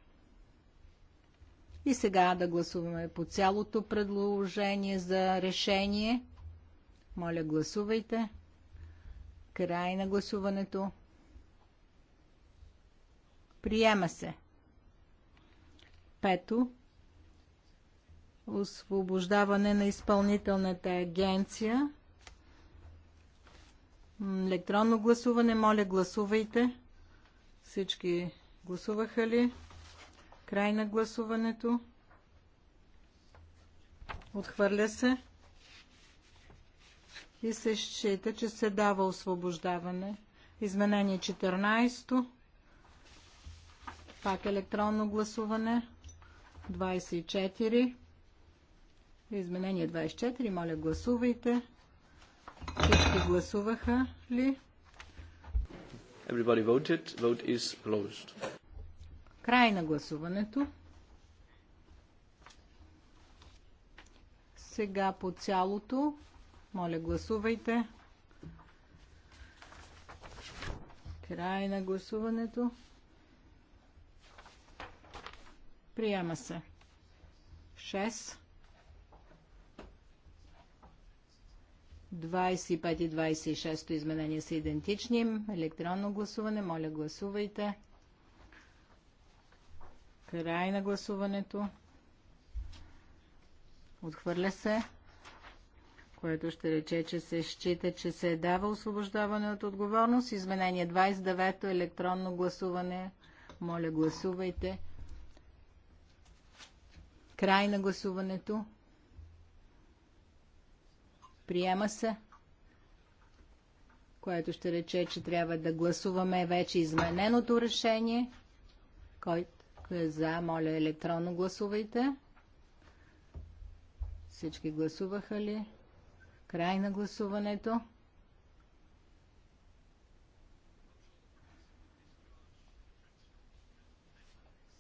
И сега да гласуваме по цялото предложение за решение. Моля, гласувайте. Край на гласуването. Приема се. Пето, освобождаване на изпълнителната агенция. Електронно гласуване, моля гласувайте. Всички гласуваха ли? Край на гласуването. Отхвърля се. И се счита, че се дава освобождаване. Изменение 14. Пак електронно гласуване. 24. Изменение 24. Моля, гласувайте. Всички гласуваха ли? Everybody voted. Vote is closed. Край на гласуването. Сега по цялото. Моля, гласувайте. Край на гласуването. Приема се. 6. 25 и 26 изменения са идентични. Електронно гласуване. Моля, гласувайте. Край на гласуването. Отхвърля се, което ще рече, че се счита, че се е дава освобождаване от отговорност. Изменение 29 електронно гласуване. Моля, гласувайте. Край на гласуването. Приема се. Което ще рече, че трябва да гласуваме вече измененото решение. Който е за, моля електронно гласувайте. Всички гласуваха ли? Край на гласуването.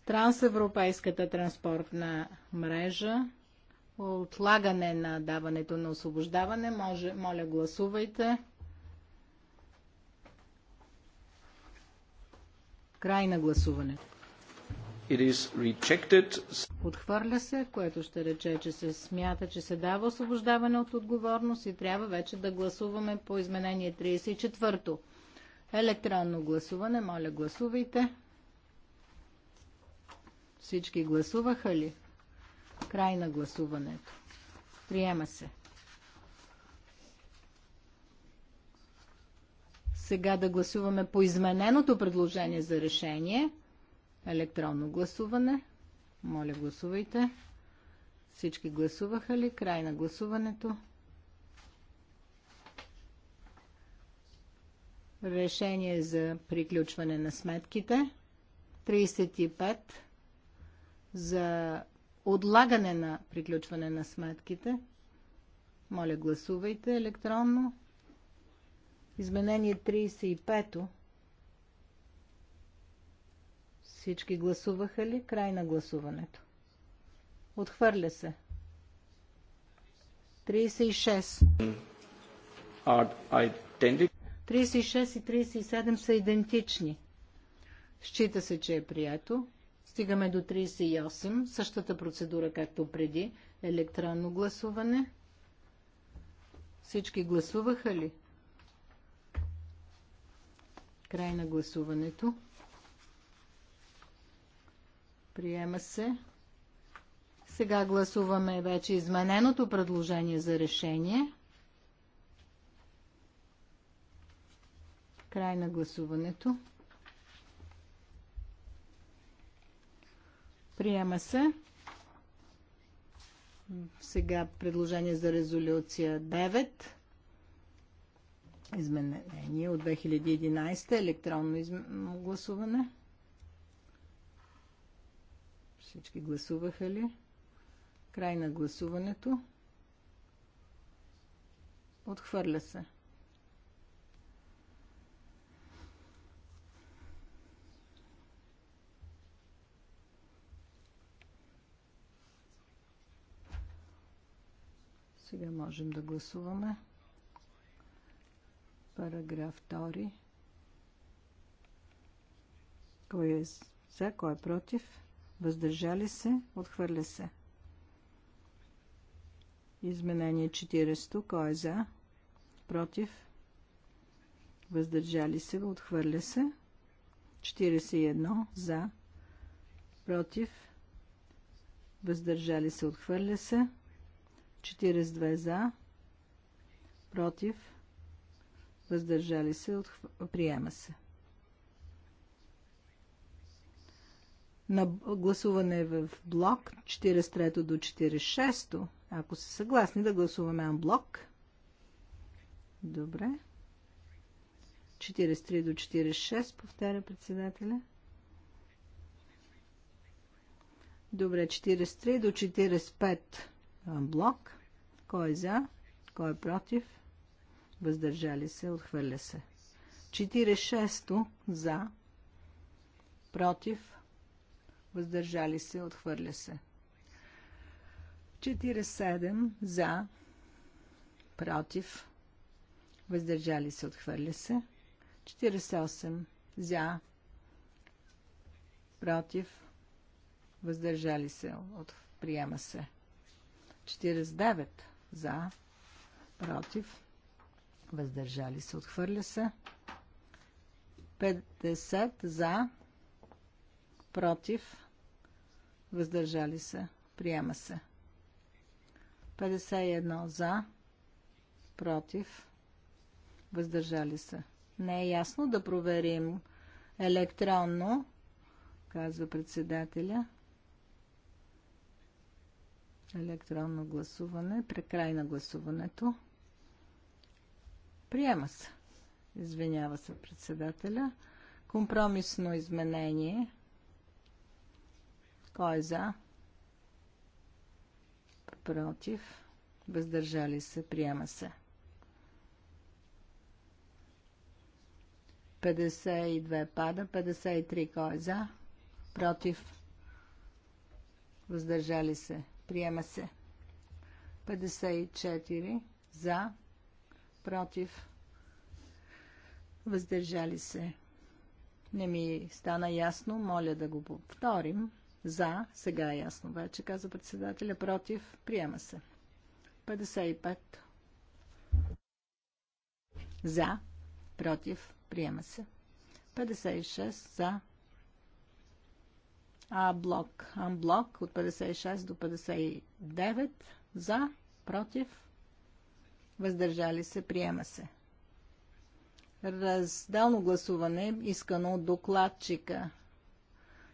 трансевропейската транспортна мрежа, отлагане на даването на освобождаване. Може, моля, гласувайте. Край на гласуването. Отхвърля се, което ще рече, че се смята, че се дава освобождаване от отговорност и трябва вече да гласуваме по изменение 34-то. Електронно гласуване, моля гласувайте. Всички гласуваха ли? Край на гласуването. Приема се. Сега да гласуваме по измененото предложение за решение. Електронно гласуване. Моля, гласувайте. Всички гласуваха ли? Край на гласуването. Решение за приключване на сметките. 35 за отлагане на приключване на сметките. Моля, гласувайте електронно. Изменение 35-то. Всички гласуваха ли? Край на гласуването. Отхвърля се. 36. 36 и 37 са идентични. Счита се, че е прието. Стигаме до 38. Същата процедура, както преди. Електронно гласуване. Всички гласуваха ли? Край на гласуването. Приема се. Сега гласуваме вече измененото предложение за решение. Край на гласуването. Приема се. Сега предложение за резолюция 9. Изменение от 2011. Електронно изм... гласуване. Всички гласуваха ли? Край на гласуването. Отхвърля се. Сега можем да гласуваме. Параграф 2. Кой е за, кой е против? Въздържали се, отхвърля се. Изменение 40. Кой е за? Против? Въздържали се, отхвърля се. 41. За? Против? Въздържали се, отхвърля се. 42 за, против, въздържали се, приема се. На гласуване в блок 43 до 46, ако са съгласни да гласуваме на блок. Добре. 43 до 46, повтаря председателя. Добре, 43 до 45 блок. Кой е за? Кой е против? Въздържали се, отхвърля се. 46-то за, против, въздържали се, отхвърля се. 47 за, против, въздържали се, отхвърля се. 48 за, против, въздържали се, от, приема се. 49 за, против, въздържали се, отхвърля се. 50 за, против, въздържали се, приема се. 51 за, против, въздържали се. Не е ясно да проверим електронно, казва председателя електронно гласуване, прекрай на гласуването. Приема се. Извинява се председателя. Компромисно изменение. Кой е за? Против. Въздържали се. Приема се. 52 пада. 53 кой е за? Против. Въздържали се. Приема се. 54 за, против, въздържали се. Не ми стана ясно, моля да го повторим. За, сега е ясно вече, каза председателя, против, приема се. 55 за, против, приема се. 56 за, а блок. Амблок от 56 до 59. За, против, въздържали се, приема се. Разделно гласуване искано от докладчика.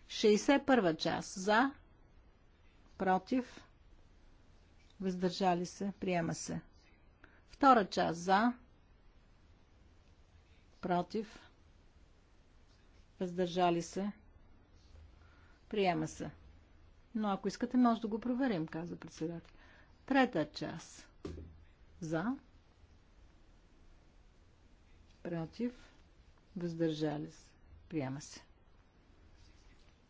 61 част. За, против, въздържали се, приема се. Втора част. За, против, въздържали се, Приема се. Но ако искате, може да го проверим, каза председател. Трета част. За. Против. Въздържали се. Приема се.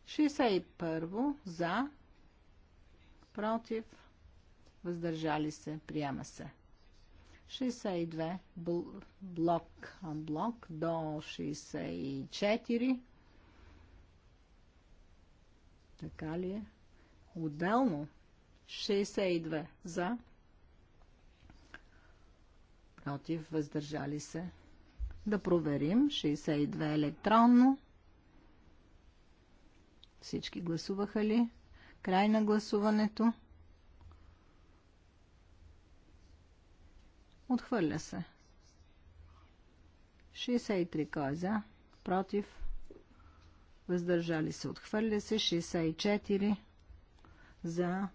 61. За. Против. Въздържали се. Приема се. 62. Блок. Блок до 64. Така ли е? Отделно. 62 за. Против, въздържали се. Да проверим. 62 електронно. Всички гласуваха ли? Край на гласуването. Отхвърля се. 63 кой е за? Против въздържали се, отхвърля се, 64 за,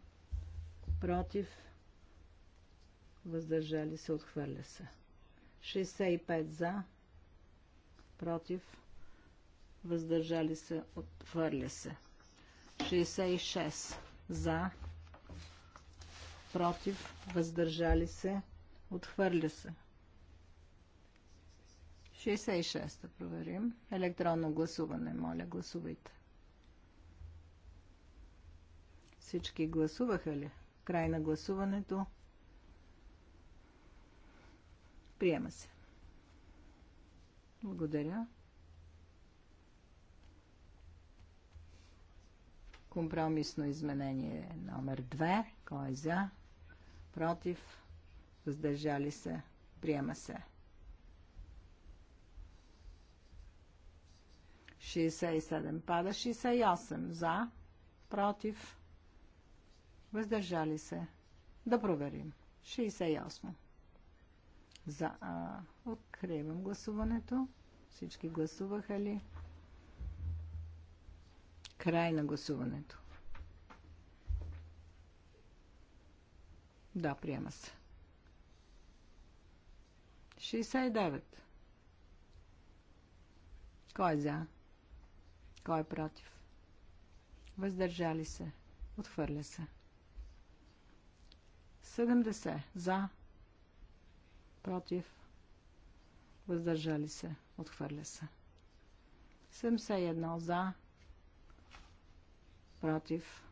против, въздържали се, отхвърля се, 65 за, против, въздържали се, отхвърля се, 66 за, против, въздържали се, отхвърля се, 67 66 да проверим. Електронно гласуване, моля, гласувайте. Всички гласуваха ли? Край на гласуването. Приема се. Благодаря. Компромисно изменение номер 2. Кой е за? Против? Въздържали се? Приема се. 67 пада. 68 за, против, въздържали се. Да проверим. 68. За. А, откривам гласуването. Всички гласуваха ли? Край на гласуването. Да, приема се. 69. Кой е за? Кой е против? Въздържали се. Отхвърля се. 70. За. Против. Въздържали се. Отхвърля се. 71. За. Против.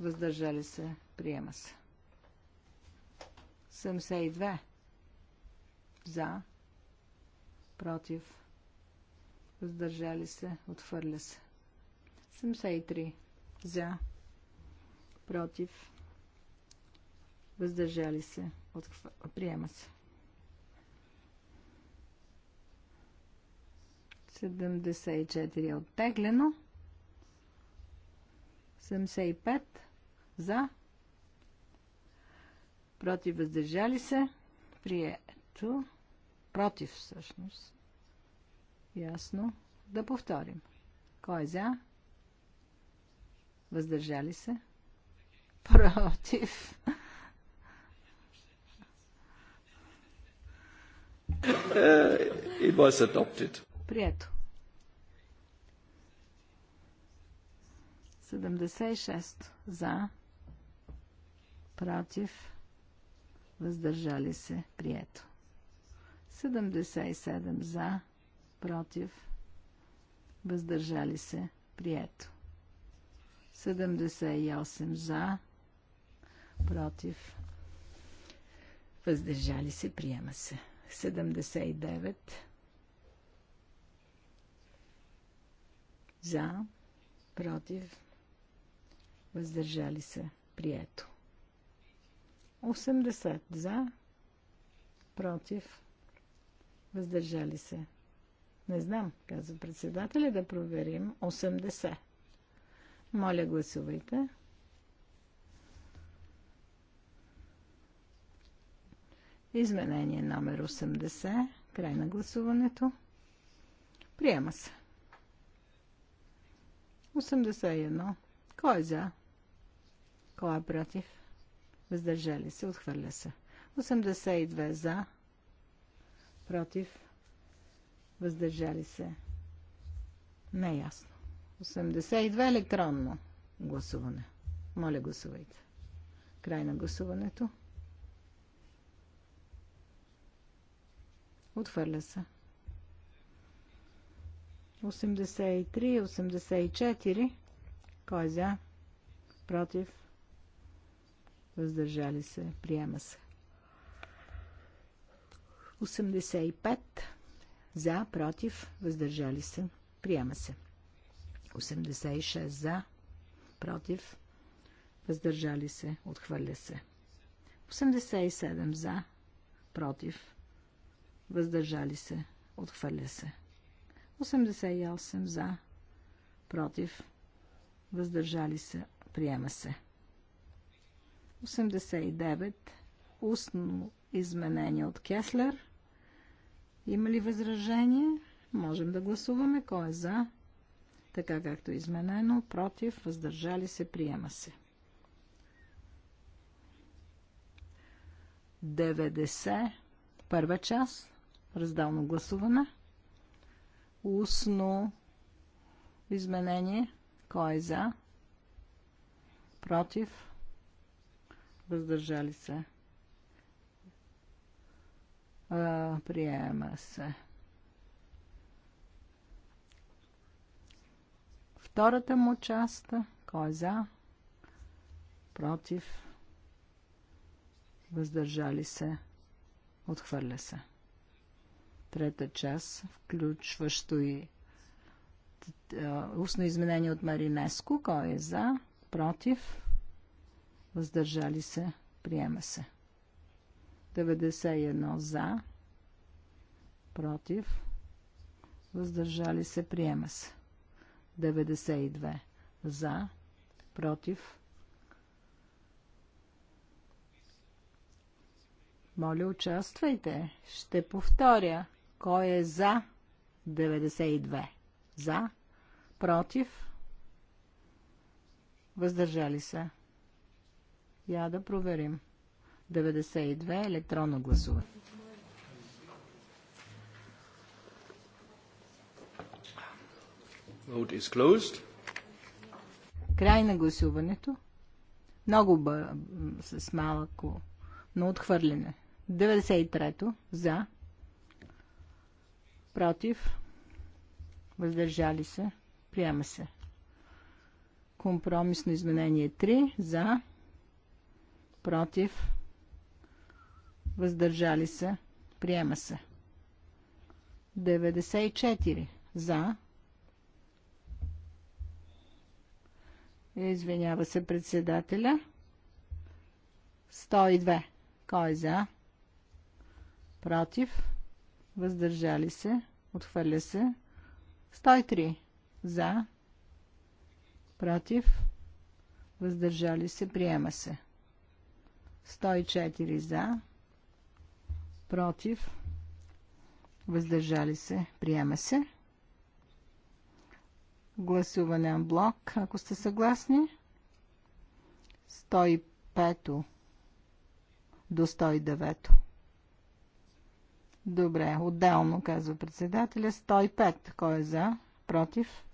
Въздържали се. Приема се. 72. За. Против въздържали се, отхвърля се. 73 за, против, въздържали се, отхвър... приема се. 74 е оттеглено. 75 за, против, въздържали се, прието, против всъщност, Ясно. Да повторим. Кой е за? Въздържали се? Против. Uh, it was adopted. Прието. 76 за, против, въздържали се, прието. 77 за, против, въздържали се, прието. 78 за, против, въздържали се, приема се. 79 за, против, въздържали се, прието. 80 за, против, въздържали се, не знам, казва председателя, да проверим. 80. Моля, гласувайте. Изменение номер 80. Край на гласуването. Приема се. 81. Кой е за? Кой е против? Въздържали се. Отхвърля се. 82 за. Против въздържали се. Не е ясно. 82 електронно гласуване. Моля, гласувайте. Край на гласуването. Отвърля се. 83, 84. Кой е за? Против? Въздържали се. Приема се. 85. За, против, въздържали се. Приема се. 86 за, против, въздържали се, отхвърля се. 87 за, против, въздържали се, отхвърля се. 88 за, против, въздържали се, приема се. 89 устно изменение от Кеслер. Има ли възражение? Можем да гласуваме. Кой е за? Така както е изменено. Против. Въздържали се. Приема се. 90. Първа част. Раздално гласуване. Устно изменение. Кой е за? Против. Въздържали се. Приема се. Втората му част. Кой е за? Против? Въздържали се? Отхвърля се. Трета част, включващо и устно изменение от Маринеско. Кой е за? Против? Въздържали се? Приема се. 91 за, против, въздържали се, приема се. 92 за, против. Моля, участвайте. Ще повторя. Кой е за? 92. За, против, въздържали се. Я да проверим. 92. 92 електронно гласуване. Край на гласуването. Много ба, с малко, но отхвърляне. 93-то за. Против. Въздържали се. Приема се. Компромисно изменение 3 за. Против въздържали се, приема се. 94 за. Извинява се председателя. 102. Кой е за? Против. Въздържали се. Отхвърля се. 103. За. Против. Въздържали се. Приема се. 104 за против, въздържали се, приема се. Гласуване на блок, ако сте съгласни. 105 до 109. Добре, отделно, казва председателя. 105. Кой е за? Против?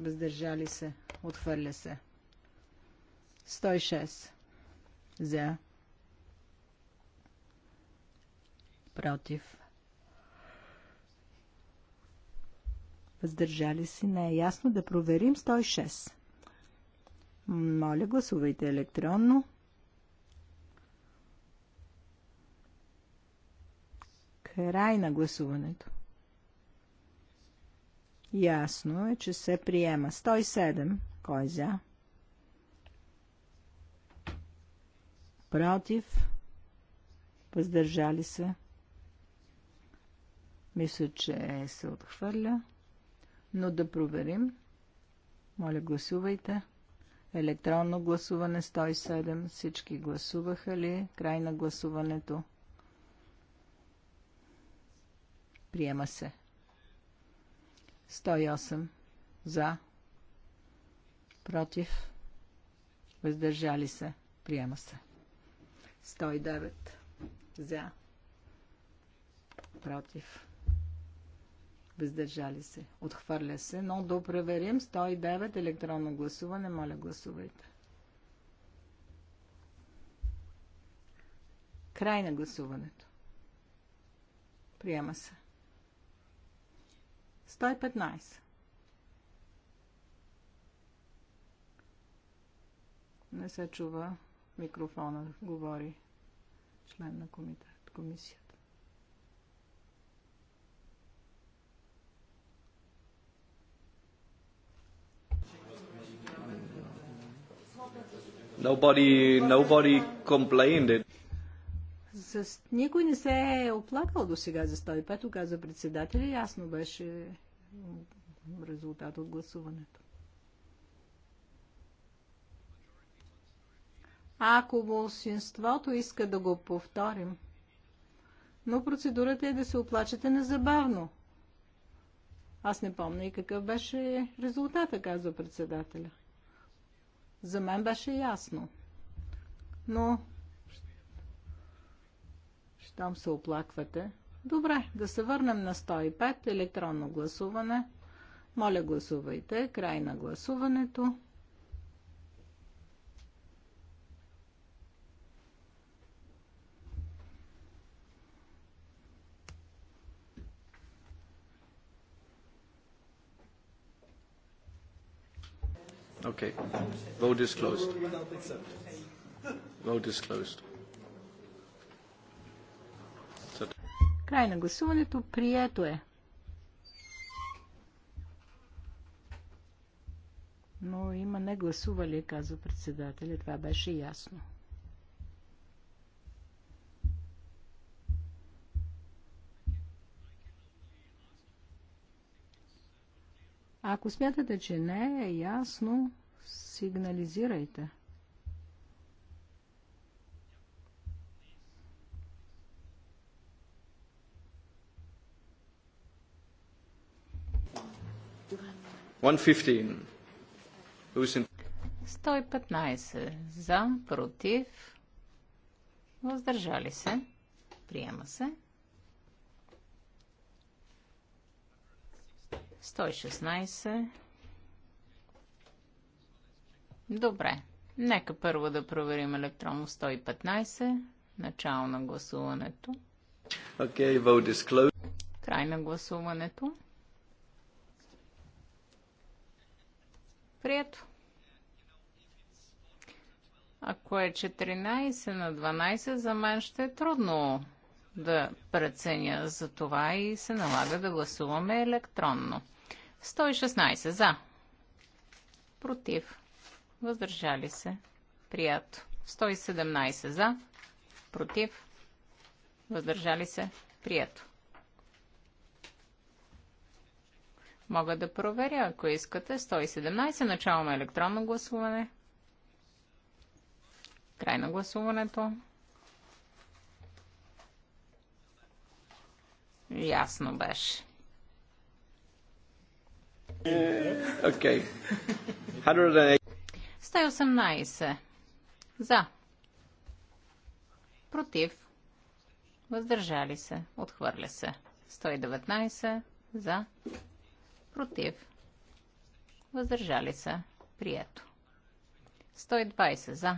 Въздържали се. Отхвърля се. 106. За. против, въздържали си? не е ясно да проверим 106. Моля, гласувайте електронно. Край на гласуването. Ясно е, че се приема. 107. Кой е за? Против. Въздържали се. Мисля, че се отхвърля. Но да проверим. Моля, гласувайте. Електронно гласуване 107. Всички гласуваха ли? Край на гласуването. Приема се. 108. За. Против. Въздържали се. Приема се. 109. За. Против въздържали се, отхвърля се, но да проверим 109 електронно гласуване, моля гласувайте. Край на гласуването. Приема се. 115. Не се чува микрофона, говори член на комисията. Nobody, nobody complained. С... Никой не се е оплакал до сега за 105, каза председателя. Ясно беше резултат от гласуването. Ако болшинството иска да го повторим, но процедурата е да се оплачете незабавно. Аз не помня и какъв беше резултата, казва председателя. За мен беше ясно. Но, щом се оплаквате, добре, да се върнем на 105, електронно гласуване. Моля, гласувайте. Край на гласуването. Okay. Vote is closed. Vote is closed. Край на гласуването. Прието е. но има не гласували, казва председателя. Това беше ясно. Ако смятате, че не е ясно, сигнализирайте. и 115 за, против, въздържали се, приема се. 116. Добре. Нека първо да проверим електронно 115. Начало на гласуването. Okay, vote is closed. Край на гласуването. Прието. Ако е 14 на 12, за мен ще е трудно да преценя за това и се налага да гласуваме електронно. 116 за. Против. Въздържали се. Прието. 117 за. Против. Въздържали се. Прието. Мога да проверя, ако искате. 117. Начало на електронно гласуване. Край на гласуването. Ясно беше. Okay. Е, 118. За. Против. Въздържали се. Отхвърля се. 119. За. Против. Въздържали се. Прието. 120. За.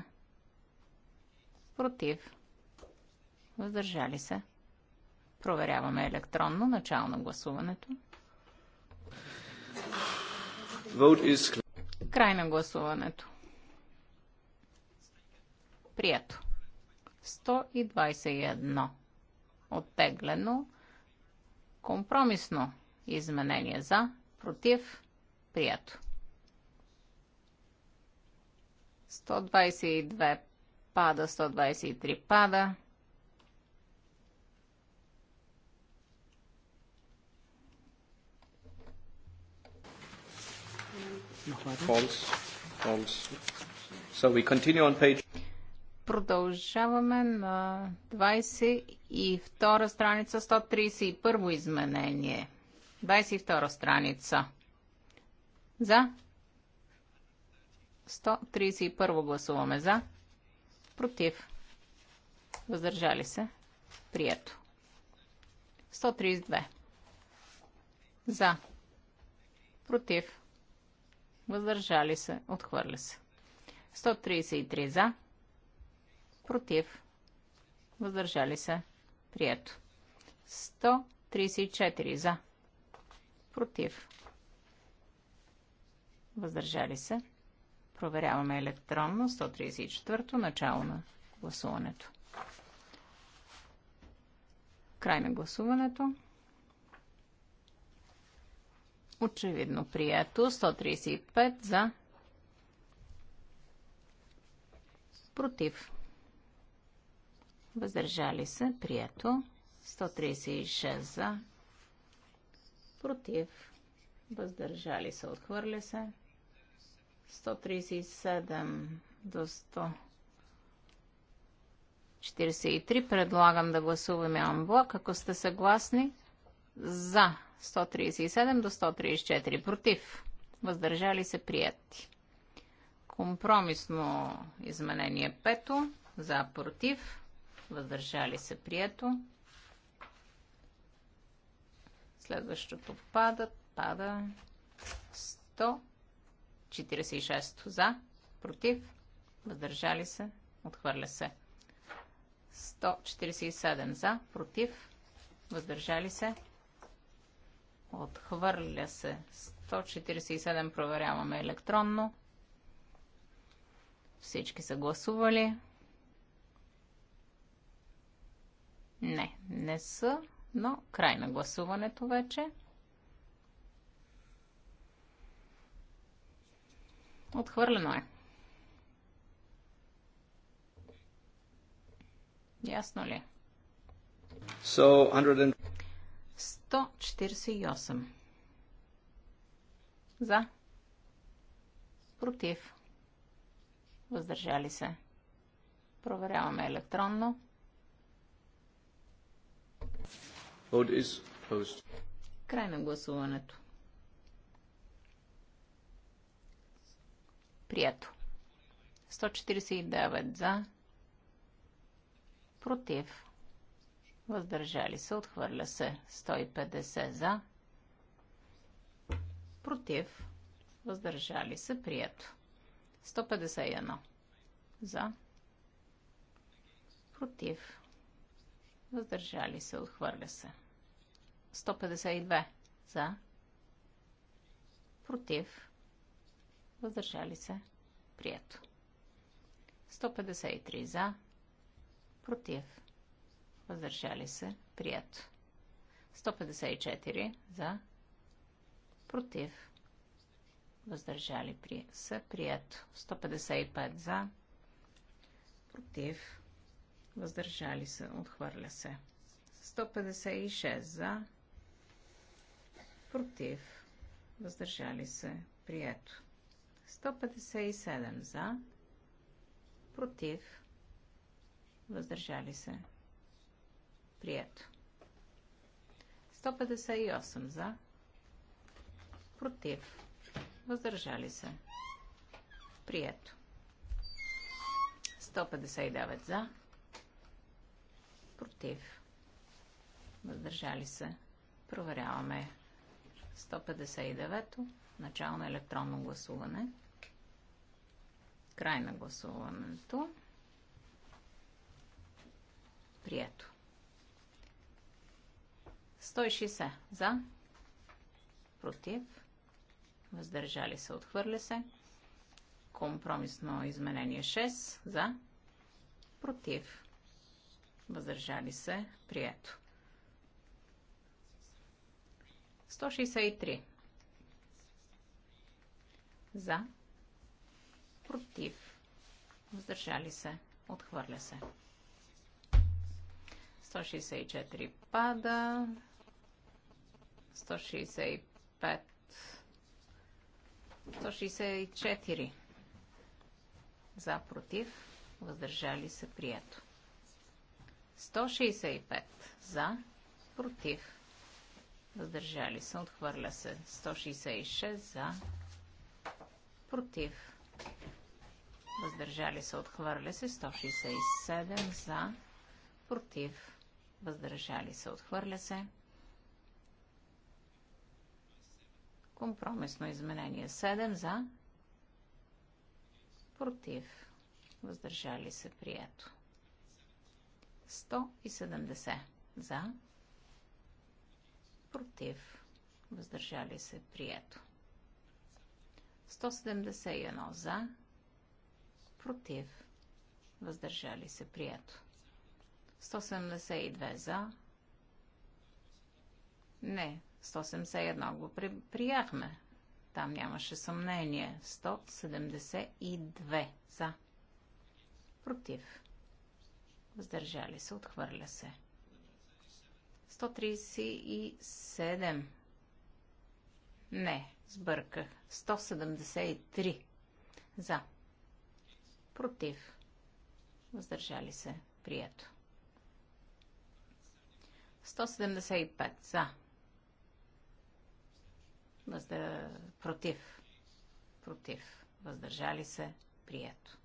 Против. Въздържали се. Проверяваме електронно начало на гласуването. Край на гласуването. Прието. 121. Оттеглено. Компромисно изменение за, против, прието. 122 пада, 123 пада. False. False. So we continue on page... Продължаваме на 22 страница, 131 изменение. 22 страница. За? 131 гласуваме за. Против. Въздържали се. Прието. 132. За. Против въздържали се, отхвърля се. 133 за, против, въздържали се, прието. 134 за, против, въздържали се. Проверяваме електронно 134 то начало на гласуването. Край на гласуването. Очевидно прието. 135 за. Против. Въздържали се. Прието. 136 за. Против. Въздържали се. Отхвърля се. 137 до 100. 43 предлагам да гласуваме анблок, ако сте съгласни. За 137 до 134 против. Въздържали се прияти. Компромисно изменение 5 за против. Въздържали се прието. Следващото пада, пада 146 за, против, въздържали се, отхвърля се. 147 за, против, въздържали се, Отхвърля се. 147 проверяваме електронно. Всички са гласували. Не, не са, но край на гласуването вече. Отхвърлено е. Ясно ли? Е? So, 100... 148. За. Против. Въздържали се. Проверяваме електронно. Край на гласуването. Прието. 149 за. Против въздържали се, отхвърля се 150 за, против, въздържали се, прието 151 за, против, въздържали се, отхвърля се 152 за, против, въздържали се, прието 153 за, против, въздържали се, прието. 154 за, против, въздържали при, се, прието. 155 за, против, въздържали се, отхвърля се. 156 за, против, въздържали се, прието. 157 за, против, въздържали се, Прието. 158 за. Против. Въздържали се. Прието. 159 за. Против. Въздържали се. Проверяваме 159-то. Начало на електронно гласуване. Край на гласуването. Прието. 160 за, против, въздържали се, отхвърля се. Компромисно изменение 6 за, против, въздържали се, прието. 163 за, против, въздържали се, отхвърля се. 164 пада, 165, 164 за против, въздържали се прието. 165 за против, въздържали се, отхвърля се. 166 за против, въздържали се, отхвърля се. 167 за против, въздържали се, отхвърля се. Компромисно изменение 7 за. Против. Въздържали се. Прието. 170 за. Против. Въздържали се. Прието. 171 за. Против. Въздържали се. Прието. 172 за. Не, 171 го при, прияхме. Там нямаше съмнение. 172 за. Против. Въздържали се. Отхвърля се. 137. Не, сбърках. 173 за. Против. Въздържали се. Прието. 175 за Въздър... Против. Против. Въздържали се. Прието.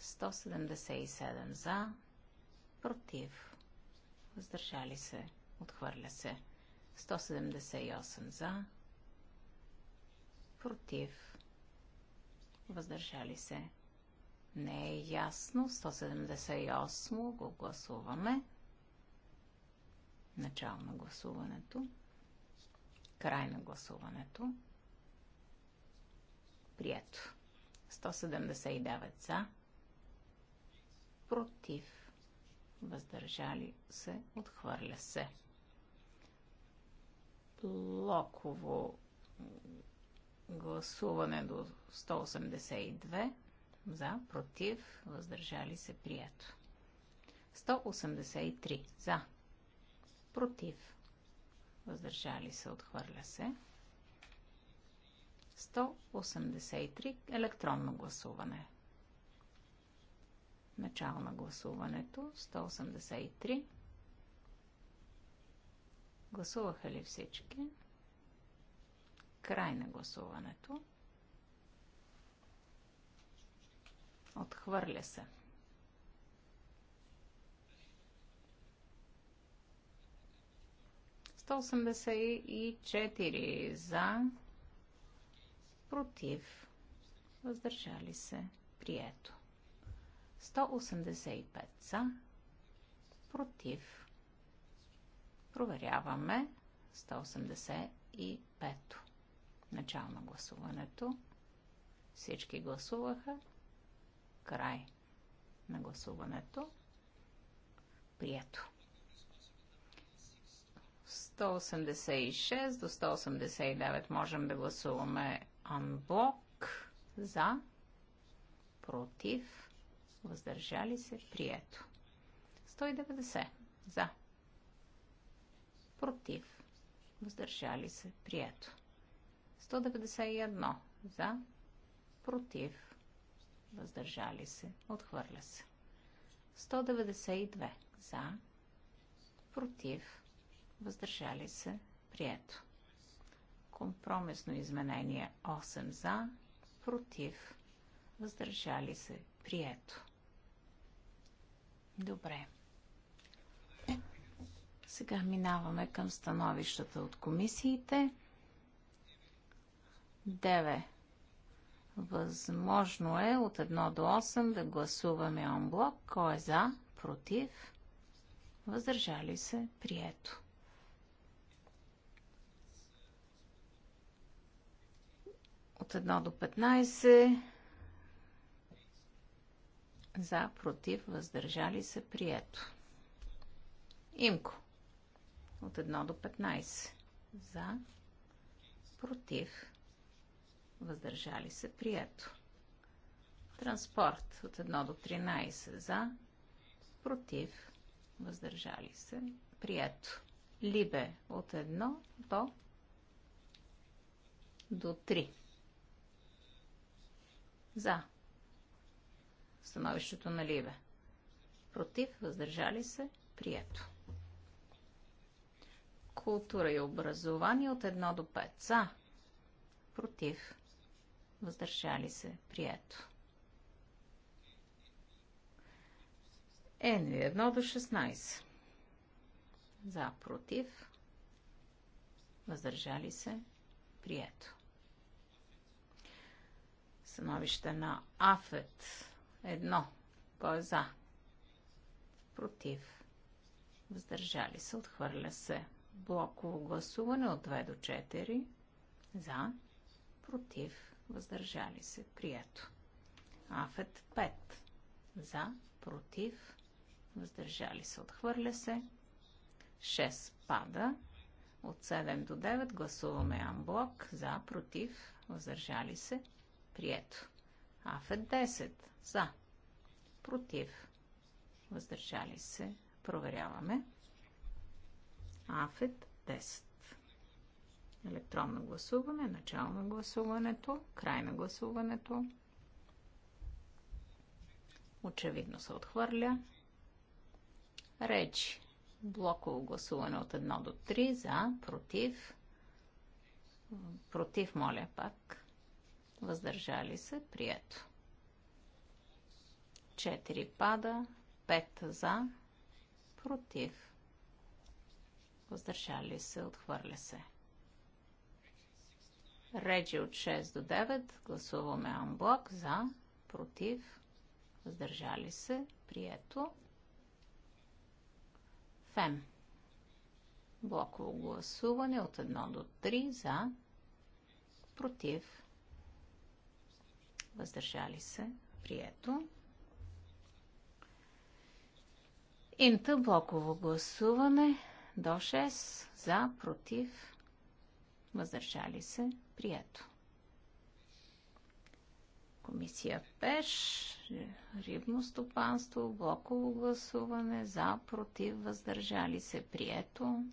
177 за. Против. Въздържали се. Отхвърля се. 178 за. Против. Въздържали се. Не е ясно. 178 го гласуваме. Начало на гласуването. Край на гласуването. Прието. 179 за. Против. Въздържали се. Отхвърля се. Блоково гласуване до 182 за, против, въздържали се, прието. 183 за, против, въздържали се, отхвърля се. 183 електронно гласуване. Начало на гласуването 183. Гласуваха ли всички? Край на гласуването. Отхвърля се. 184 за, против, въздържали се, прието. 185 за, против. Проверяваме 185. Начало на гласуването. Всички гласуваха. Край на гласуването. Прието. 186 до 189 можем да гласуваме анблок за, против, въздържали се, прието. 190 за, против, въздържали се, прието. 191 за, против, въздържали се, отхвърля се. 192 за, против, въздържали се, прието. Компромисно изменение 8 за, против, въздържали се, прието. Добре. Сега минаваме към становищата от комисиите. 9. Възможно е от 1 до 8 да гласуваме онблок. Кой е за? Против? Въздържали се? Прието. От 1 до 15. За, против, въздържали се, прието. Имко. От 1 до 15. За, против, въздържали се, прието. Транспорт. От 1 до 13. За, против, въздържали се, прието. Либе. От 1 до, до 3. За. Становището на Ливе. Против, въздържали се, прието. Култура и образование от 1 до 5. За. Против, въздържали се, прието. Енви 1 до 16. За, против, въздържали се, прието. Становище на АФЕТ. Едно. Кой е за? Против. Въздържали се. Отхвърля се. Блоково гласуване от 2 до 4. За. Против. Въздържали се. Прието. Афет 5. За. Против. Въздържали се. Отхвърля се. 6 пада. От 7 до 9 гласуваме амблок. За. Против. Въздържали се. Прието. Афет 10. За. Против. Въздържали се. Проверяваме. Афет 10. Електронно гласуване, начало на гласуването, край на гласуването. Очевидно се отхвърля. Речи. Блоково гласуване от 1 до 3. За. Против. Против, моля пак въздържали се, прието. 4 пада, 5 за, против, въздържали се, отхвърля се. Реджи от 6 до 9, гласуваме анблок, за, против, въздържали се, прието. Фем. Блоково гласуване от 1 до 3, за, против, въздържали се, прието. Инта блоково гласуване до 6 за, против, въздържали се, прието. Комисия ПЕШ, рибно стопанство, блоково гласуване, за, против, въздържали се, прието.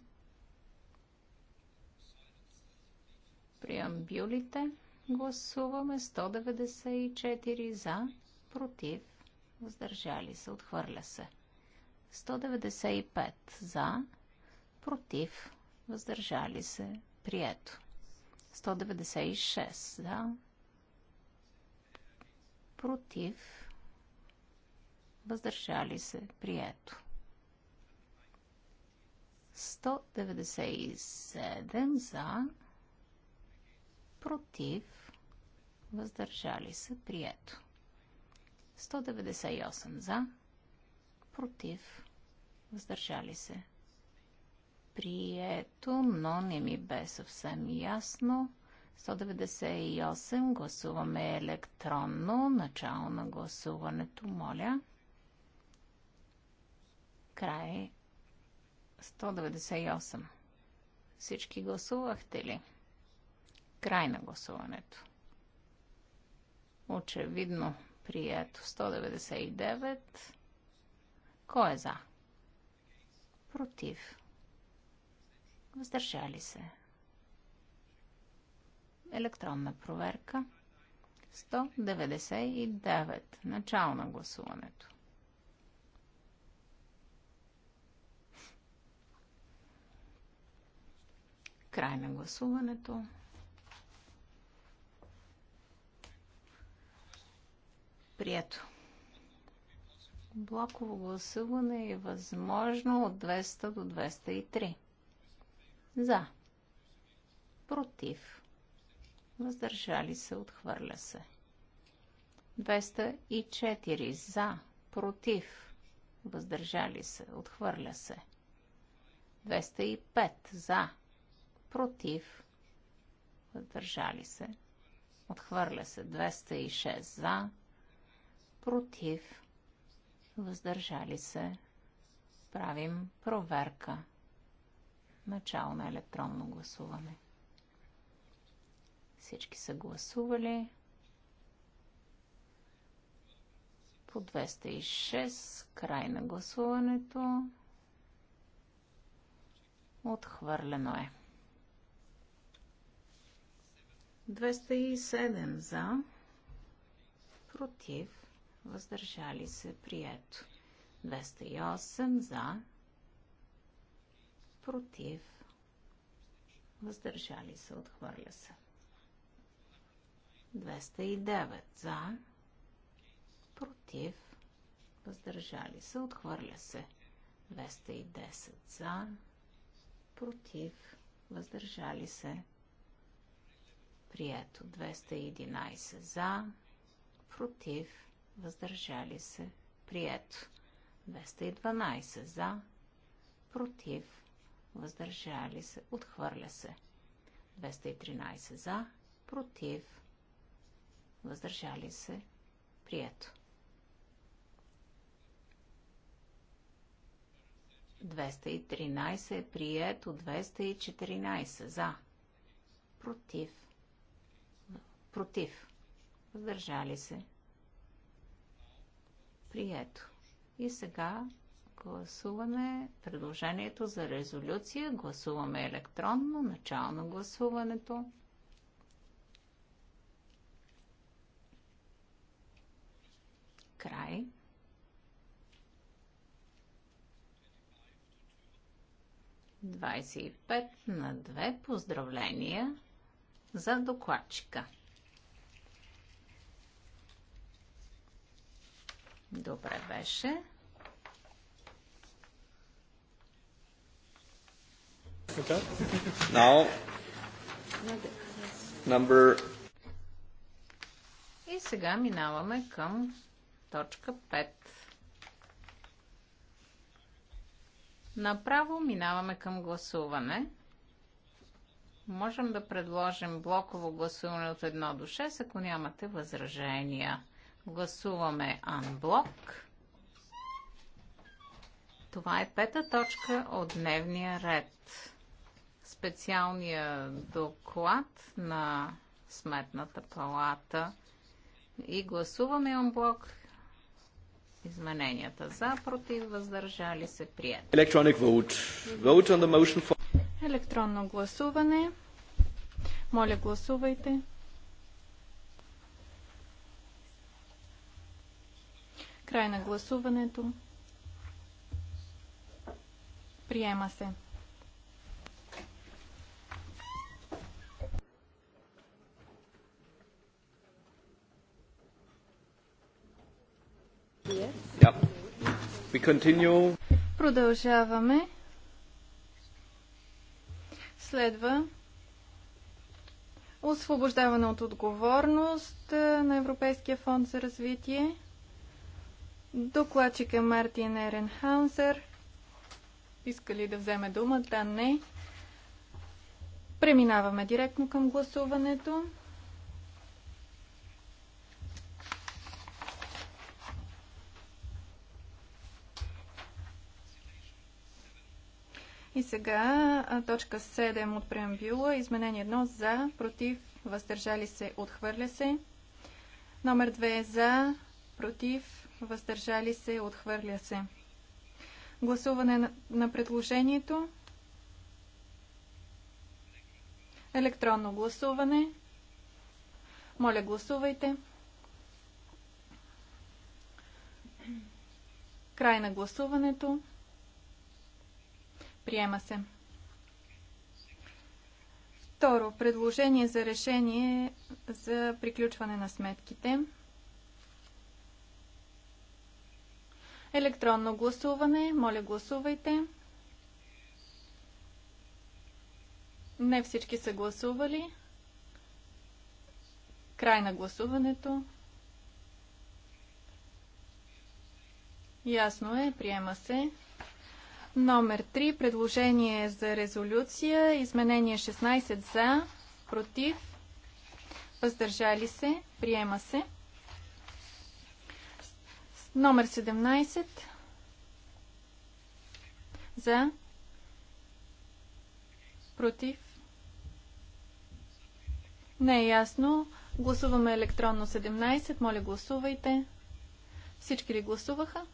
Приембюлите. бюлите. Гласуваме 194 за, против, въздържали се, отхвърля се. 195 за, против, въздържали се, прието. 196 за, против, въздържали се, прието. 197 за, против, въздържали се, прието. 198 за, против, въздържали се. Прието, но не ми бе съвсем ясно. 198 гласуваме електронно. Начало на гласуването, моля. Край 198. Всички гласувахте ли? Край на гласуването. Очевидно прието. 199. Кой е за? Против. Въздържали се. Електронна проверка. 199. Начало на гласуването. Край на гласуването. Прието. Блоково гласуване е възможно от 200 до 203. За. Против. Въздържали се. Отхвърля се. 204. За. Против. Въздържали се. Отхвърля се. 205. За. Против. Въздържали се. Отхвърля се. 206. За против, въздържали се. Правим проверка. Начало на електронно гласуване. Всички са гласували. По 206, край на гласуването. Отхвърлено е. 207 за, против, въздържали се, прието. 208 за, против, въздържали се, отхвърля се. 209 за, против, въздържали се, отхвърля се. 210 за, против, въздържали се. Прието 211 за, против, въздържали се, прието. 212 за, против, въздържали се, отхвърля се. 213 за, против, въздържали се, прието. 213 е прието, 214 за, против, против, въздържали се, Прието. И сега гласуваме предложението за резолюция. Гласуваме електронно, начало на гласуването. Край. пять на две поздравления за докладчика. Добре беше. Now, number... И сега минаваме към точка 5. Направо минаваме към гласуване. Можем да предложим блоково гласуване от 1 до 6, ако нямате възражения. Гласуваме анблок. Това е пета точка от дневния ред. Специалния доклад на Сметната палата и гласуваме анблок измененията за, против, въздържали се, прият. Електронно гласуване. Моля, гласувайте. Край на гласуването. Приема се. Yeah. Продължаваме. Следва освобождаване от отговорност на Европейския фонд за развитие. Докладчика е Мартин Еренхаунсер. Иска ли да вземе думата? Не. Преминаваме директно към гласуването. И сега точка 7 от преамбюла. Изменение 1 за, против, въздържали се, отхвърля се. Номер 2 е за, против, въздържали се, отхвърля се. Гласуване на, на предложението. Електронно гласуване. Моля, гласувайте. Край на гласуването. Приема се. Второ, предложение за решение за приключване на сметките. Електронно гласуване. Моля, гласувайте. Не всички са гласували. Край на гласуването. Ясно е, приема се. Номер 3. Предложение за резолюция. Изменение 16 за, против, въздържали се, приема се. Номер 17 за против не е ясно. Гласуваме електронно 17. Моля, гласувайте. Всички ли гласуваха?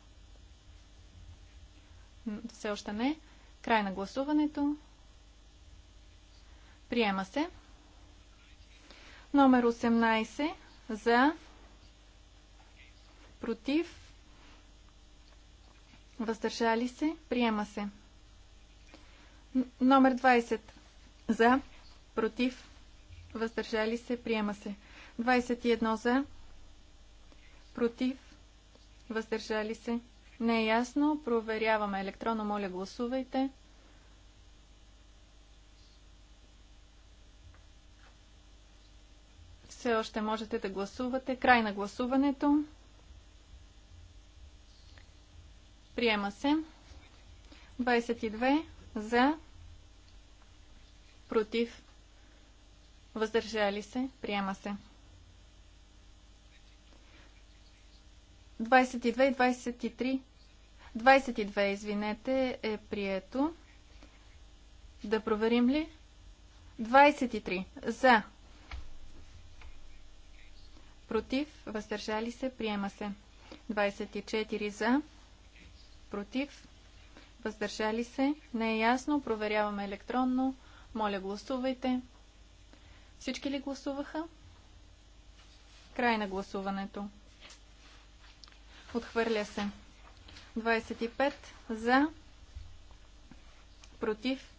Все още не. Край на гласуването. Приема се. Номер 18 за против Въздържали се. Приема се. Номер 20. За. Против. Въздържали се. Приема се. 21 за. Против. Въздържали се. Не е ясно. Проверяваме електронно. Моля, гласувайте. Все още можете да гласувате. Край на гласуването. Приема се. 22 за, против, въздържали се, приема се. 22 и 23, 22, извинете, е прието. Да проверим ли? 23 за, против, въздържали се, приема се. 24 за, против, въздържали се, не е ясно, проверяваме електронно, моля гласувайте. Всички ли гласуваха? Край на гласуването. Отхвърля се. 25 за, против,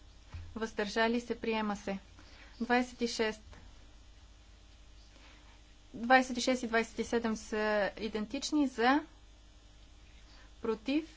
въздържали се, приема се. 26 26 и 27 са идентични за, против,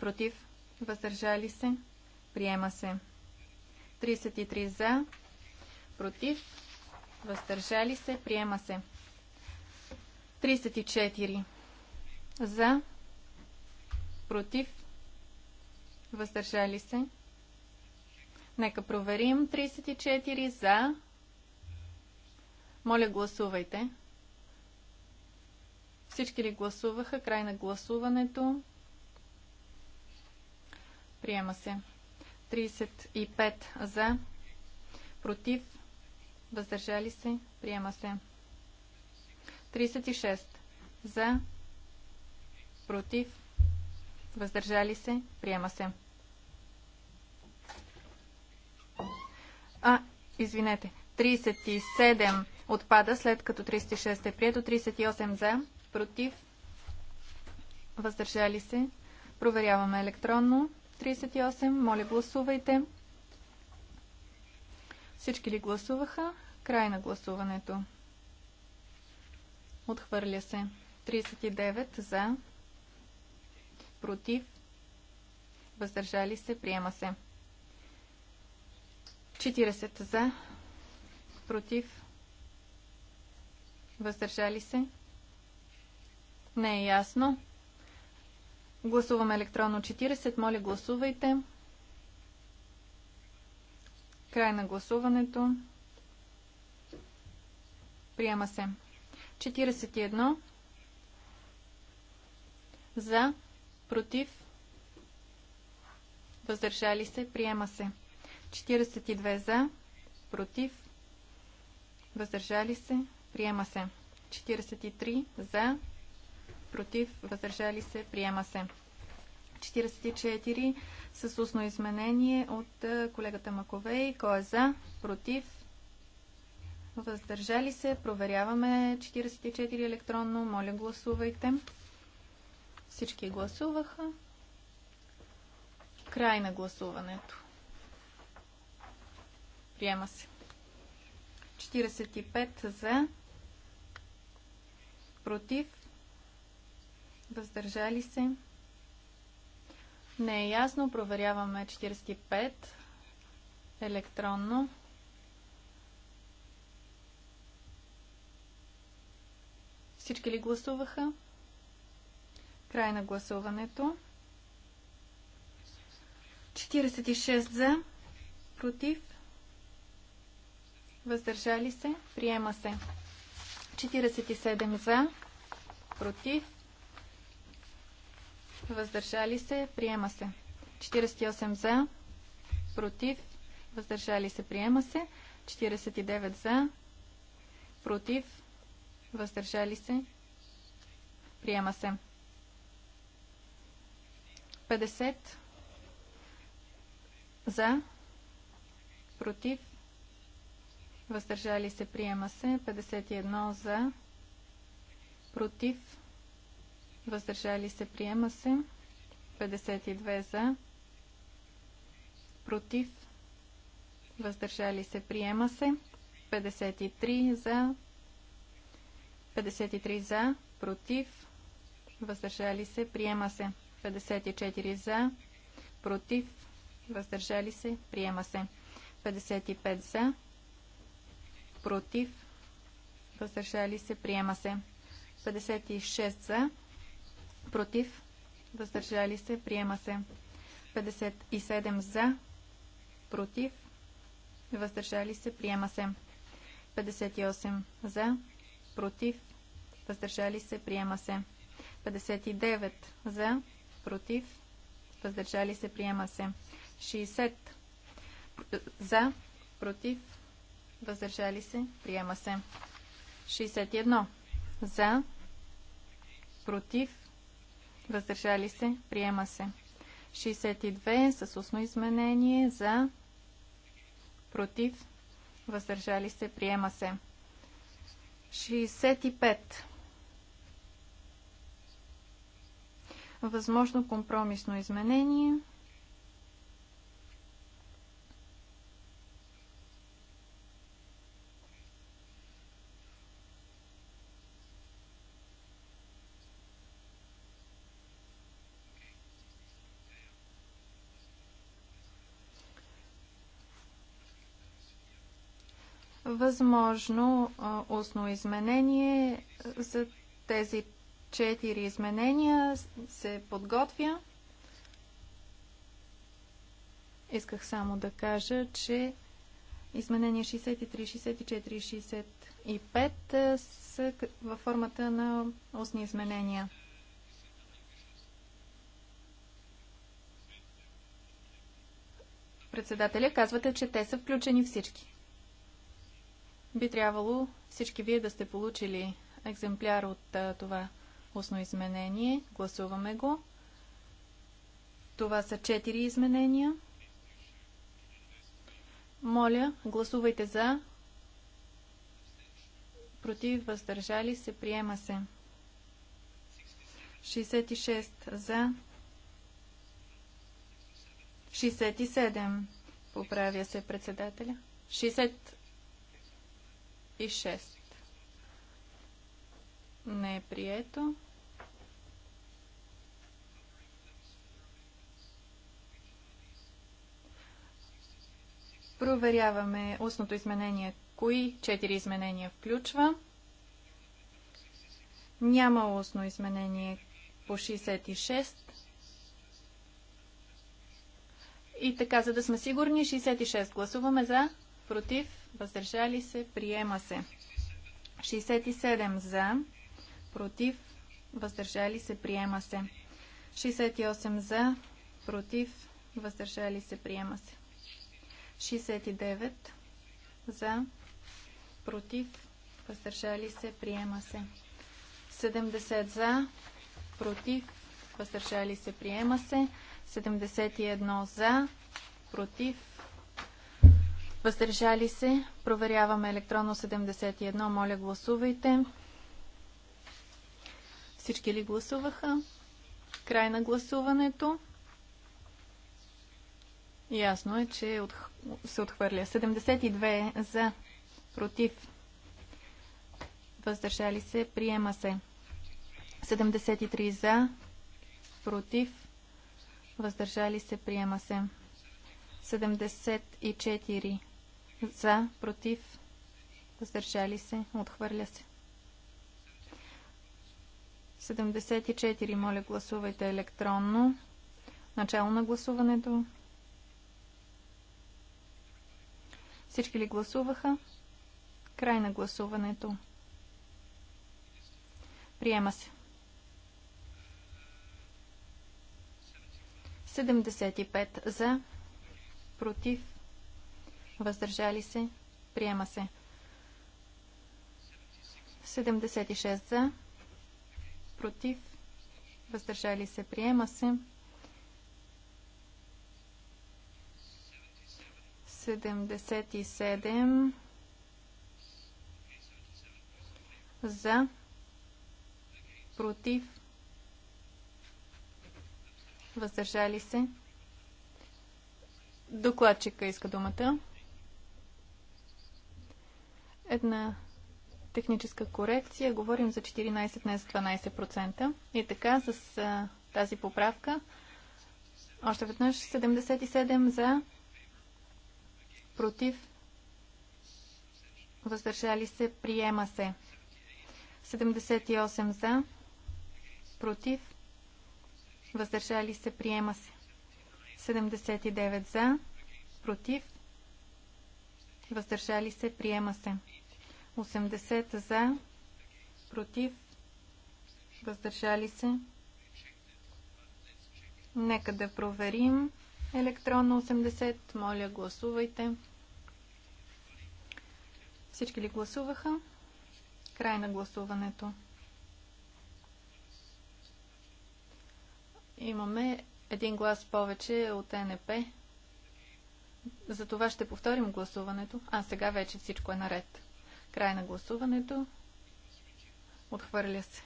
против, въздържали се, приема се. 33 за, против, въздържали се, приема се. 34 за, против, въздържали се. Нека проверим. 34 за. Моля, гласувайте. Всички ли гласуваха? Край на гласуването. Приема се. 35 за. Против. Въздържали се. Приема се. 36 за. Против. Въздържали се. Приема се. А, извинете. 37 отпада, след като 36 е прието. 38 за. Против. Въздържали се. Проверяваме електронно. 38. Моля, гласувайте. Всички ли гласуваха? Край на гласуването. Отхвърля се. 39 за. Против. Въздържали се. Приема се. 40 за. Против. Въздържали се. Не е ясно. Гласуваме електронно 40. Моля, гласувайте. Край на гласуването. Приема се. 41. За. Против. Въздържали се. Приема се. 42 за. Против. Въздържали се. Приема се. 43 за против, въздържали се, приема се. 44 с устно изменение от колегата Маковей. Кой е за, против, въздържали се, проверяваме 44 електронно. Моля, гласувайте. Всички гласуваха. Край на гласуването. Приема се. 45 за, против, въздържали се. Не е ясно. Проверяваме 45 електронно. Всички ли гласуваха? Край на гласуването. 46 за, против, въздържали се, приема се. 47 за, против, въздържали се, приема се. 48 за, против, въздържали се, приема се. 49 за, против, въздържали се, приема се. 50 за, против, въздържали се, приема се. 51 за, против, въздържали се, приема се. 52 за, против, въздържали се, приема се. 53 за, 53 за, против, въздържали се, приема се. 54 за, против, въздържали се, приема се. 55 за, против, въздържали се, приема се. 56 за, против, въздържали се, приема се. 57 за, против, въздържали се, приема се. 58 за, против, въздържали се, приема се. 59 за, против, въздържали се, приема се. 60 за, против, въздържали се, приема се. 61 за, против, въздържали се, приема се. 62 с устно изменение за, против, въздържали се, приема се. 65. Възможно компромисно изменение – възможно устно изменение за тези четири изменения се подготвя. Исках само да кажа, че изменения 63, 64 и 65 са във формата на устни изменения. Председателя, казвате, че те са включени всички би трябвало всички вие да сте получили екземпляр от а, това устно изменение. Гласуваме го. Това са 4 изменения. Моля, гласувайте за. Против, въздържали се, приема се. 66 за. 67. Поправя се председателя. 60 и 6. Не е прието. Проверяваме устното изменение, кои 4 изменения включва. Няма устно изменение по 66. И така, за да сме сигурни, 66 гласуваме за, против, въздържали се, приема се. 67 за, против, въздържали се, приема се. 68 за, против, въздържали се, приема се. 69 за, против, въздържали се, приема се. 70 за, против, въздържали се, приема се. 71 за, против, Въздържали се. Проверяваме електронно 71. Моля, гласувайте. Всички ли гласуваха? Край на гласуването. Ясно е, че е се отхвърля. 72 за, против, въздържали се, приема се. 73 за, против, въздържали се, приема се. 74 за, против, въздържали се, отхвърля се. 74, моля гласувайте електронно. Начало на гласуването. Всички ли гласуваха? Край на гласуването. Приема се. 75 за, против, въздържали се, приема се. 76 за, против, въздържали се, приема се. 77 за, против, въздържали се. Докладчика иска думата. Една техническа корекция. Говорим за 14, днес 12%. И така, с а, тази поправка, още веднъж 77 за, против, въздържали се, приема се. 78 за, против, въздържали се, приема се. 79 за, против, въздържали се, приема се. 80 за, против, въздържали се. Нека да проверим електронно 80. Моля, гласувайте. Всички ли гласуваха? Край на гласуването. Имаме един глас повече от НП. За това ще повторим гласуването. А сега вече всичко е наред. Край на гласуването. Отхвърля се.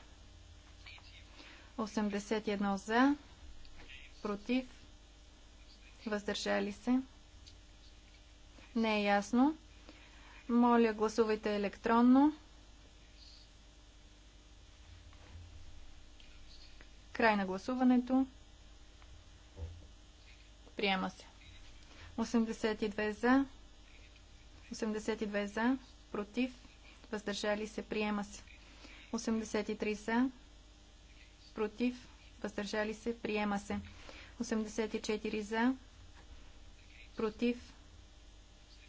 81 за, против, въздържали се. Не е ясно. Моля, гласувайте електронно. Край на гласуването. Приема се. 82 за. 82 за против, въздържали се, приема се. 83 за, против, въздържали се, приема се. 84 за, против,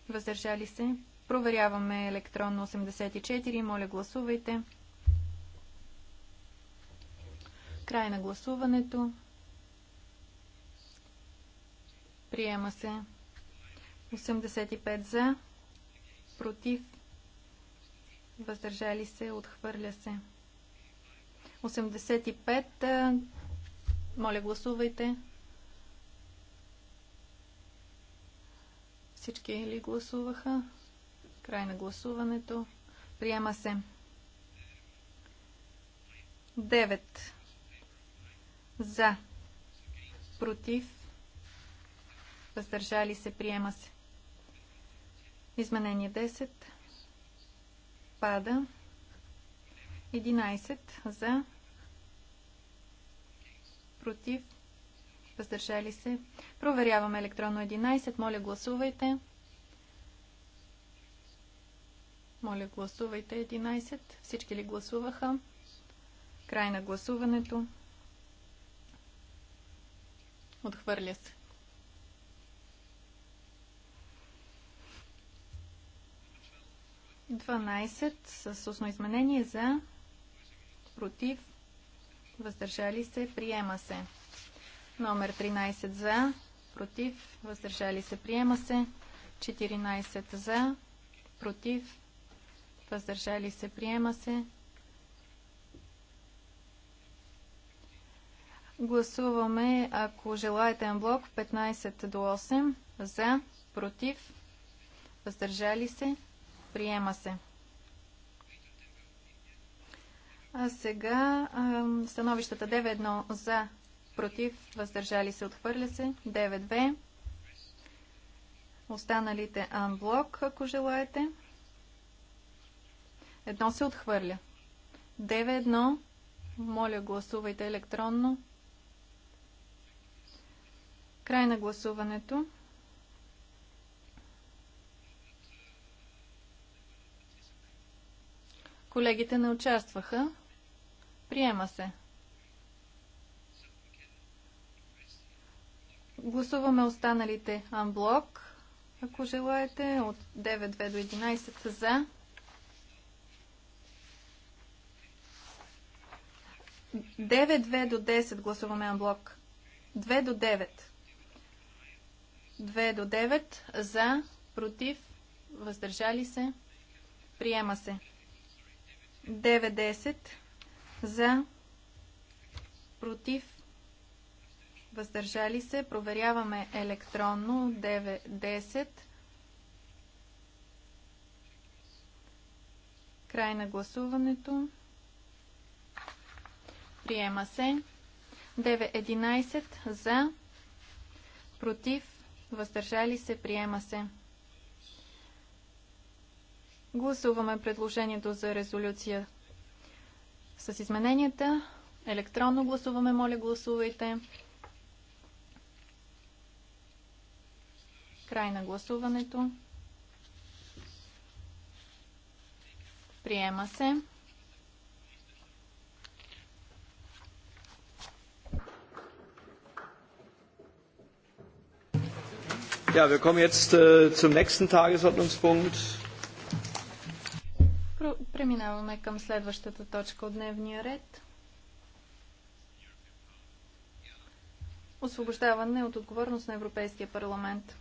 въздържали се. Проверяваме електронно 84. Моля, гласувайте. Край на гласуването. Приема се. 85 за, против, въздържали се, отхвърля се. 85. Моля, гласувайте. Всички ли гласуваха? Край на гласуването. Приема се. 9. За. Против. Въздържали се. Приема се. Изменение 10 пада 11 за. Против. Въздържали се. Проверяваме електронно 11. Моля, гласувайте. Моля, гласувайте 11. Всички ли гласуваха? Край на гласуването. Отхвърля се. 12 с устно изменение за, против, въздържали се, приема се. Номер 13 за, против, въздържали се, приема се. 14 за, против, въздържали се, приема се. Гласуваме, ако желаете блок 15 до 8, за, против, въздържали се, Приема се. А сега становищата 9-1 за, против, въздържали се, отхвърля се. 9-2. Останалите анблок, ако желаете. Едно се отхвърля. 9-1, Моля, гласувайте електронно. Край на гласуването. Колегите не участваха. Приема се. Гласуваме останалите анблок, ако желаете, от 9-2 до 11 за. Девет, две до 10 гласуваме анблок. 2 до 9. 2 до 9 за, против, въздържали се, приема се. 90 за, против, въздържали се. Проверяваме електронно 90. Край на гласуването. Приема се. 9-11 за, против, въздържали се. Приема се. Гласуваме предложението за резолюция с измененията. Електронно гласуваме, моля гласувайте. Край на гласуването. Приема се. Ja, wir kommen jetzt äh, zum nächsten Tagesordnungspunkt. Преминаваме към следващата точка от дневния ред. Освобождаване от отговорност на Европейския парламент.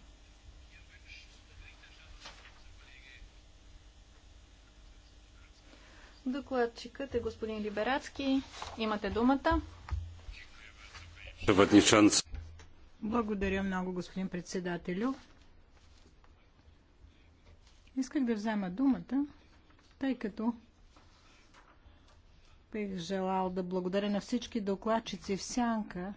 Докладчикът е господин Либерацки. Имате думата. Благодаря много, господин председателю. Исках да взема думата, тъй като бих желал да благодаря на всички докладчици в Сянка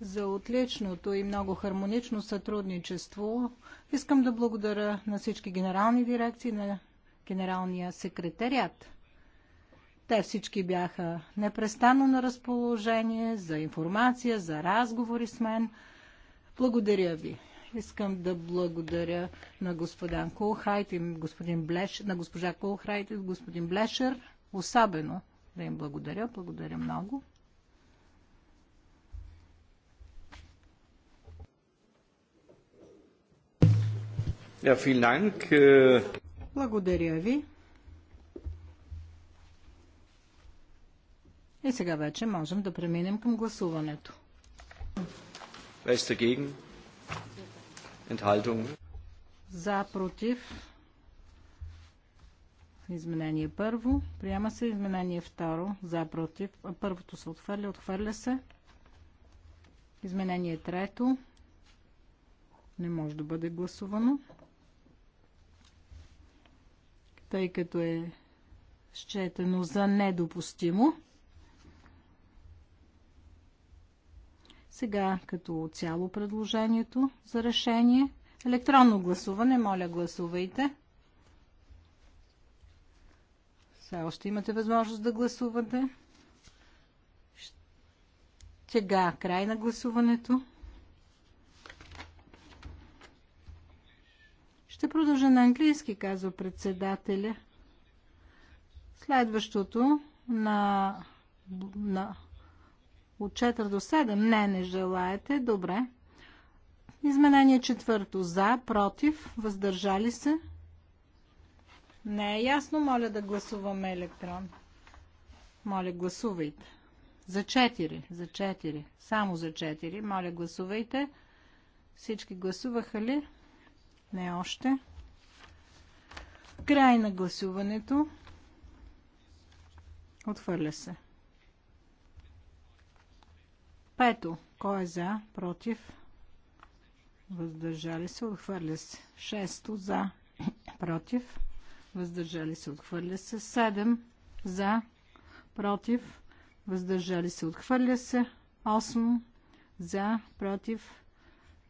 за отличното и много хармонично сътрудничество. Искам да благодаря на всички генерални дирекции, на генералния секретарят. Те всички бяха непрестанно на разположение за информация, за разговори с мен. Благодаря ви. Искам да благодаря на господин Кулхайт и господин Блеш, на госпожа Колхайт и господин Блешер. Особено да им благодаря. Благодаря много. Dank. Äh, благодаря ви. И сега вече можем да преминем към гласуването. Wer Enthaltung. За, против. Изменение първо. Приема се изменение второ. За, против. Първото се отхвърля. Отхвърля се. Изменение трето. Не може да бъде гласувано. Тъй като е счетено за недопустимо. Сега като цяло предложението за решение. Електронно гласуване, моля гласувайте. Все още имате възможност да гласувате. Сега край на гласуването. Ще продължа на английски, казва председателя. Следващото на, на от 4 до 7? Не, не желаете. Добре. Изменение четвърто. За, против, въздържали се. Не е ясно. Моля да гласуваме електрон. Моля, гласувайте. За 4. За 4. Само за 4. Моля, гласувайте. Всички гласуваха ли? Не още. Край на гласуването. Отвърля се. Пето. Кой е за? Против? Въздържали се? Отхвърля се. Шесто. За? Против? Въздържали се? Отхвърля се. Седем. За? Против? Въздържали се? Отхвърля се. Осмо. За? Против?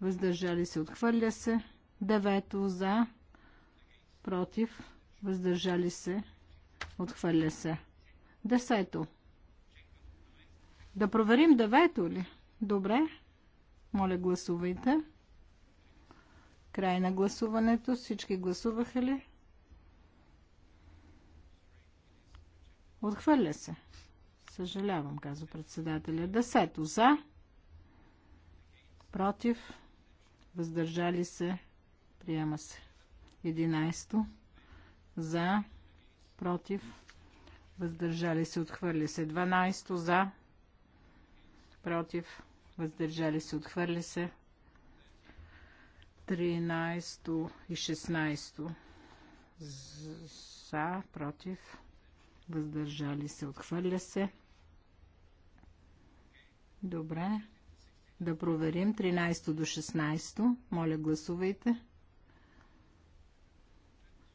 Въздържали се? Отхвърля се. Девето. За? Против? Въздържали се? Отхвърля се. Десето. Да проверим девето ли? Добре. Моля, гласувайте. Край на гласуването. Всички гласуваха ли? Отхвърля се. Съжалявам, каза председателя. Десето за. Против. Въздържали се. Приема се. Единайсто. За. Против. Въздържали се. Отхвърля се. Дванайсто за против, въздържали се, отхвърля се. 13 и 16 за, против, въздържали се, отхвърля се. Добре. Да проверим 13 до 16. Моля, гласувайте.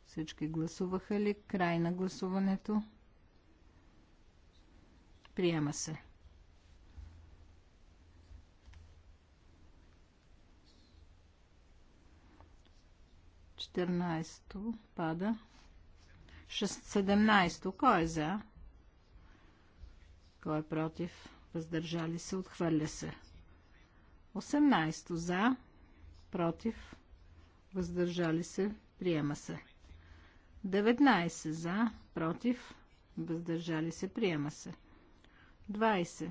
Всички гласуваха ли? Край на гласуването. Приема се. 14-то пада. 17-то. Кой е за? Кой е против? Въздържали се. Отхвърля се. 18-то за. Против. Въздържали се. Приема се. 19 за. Против. Въздържали се. Приема се. 20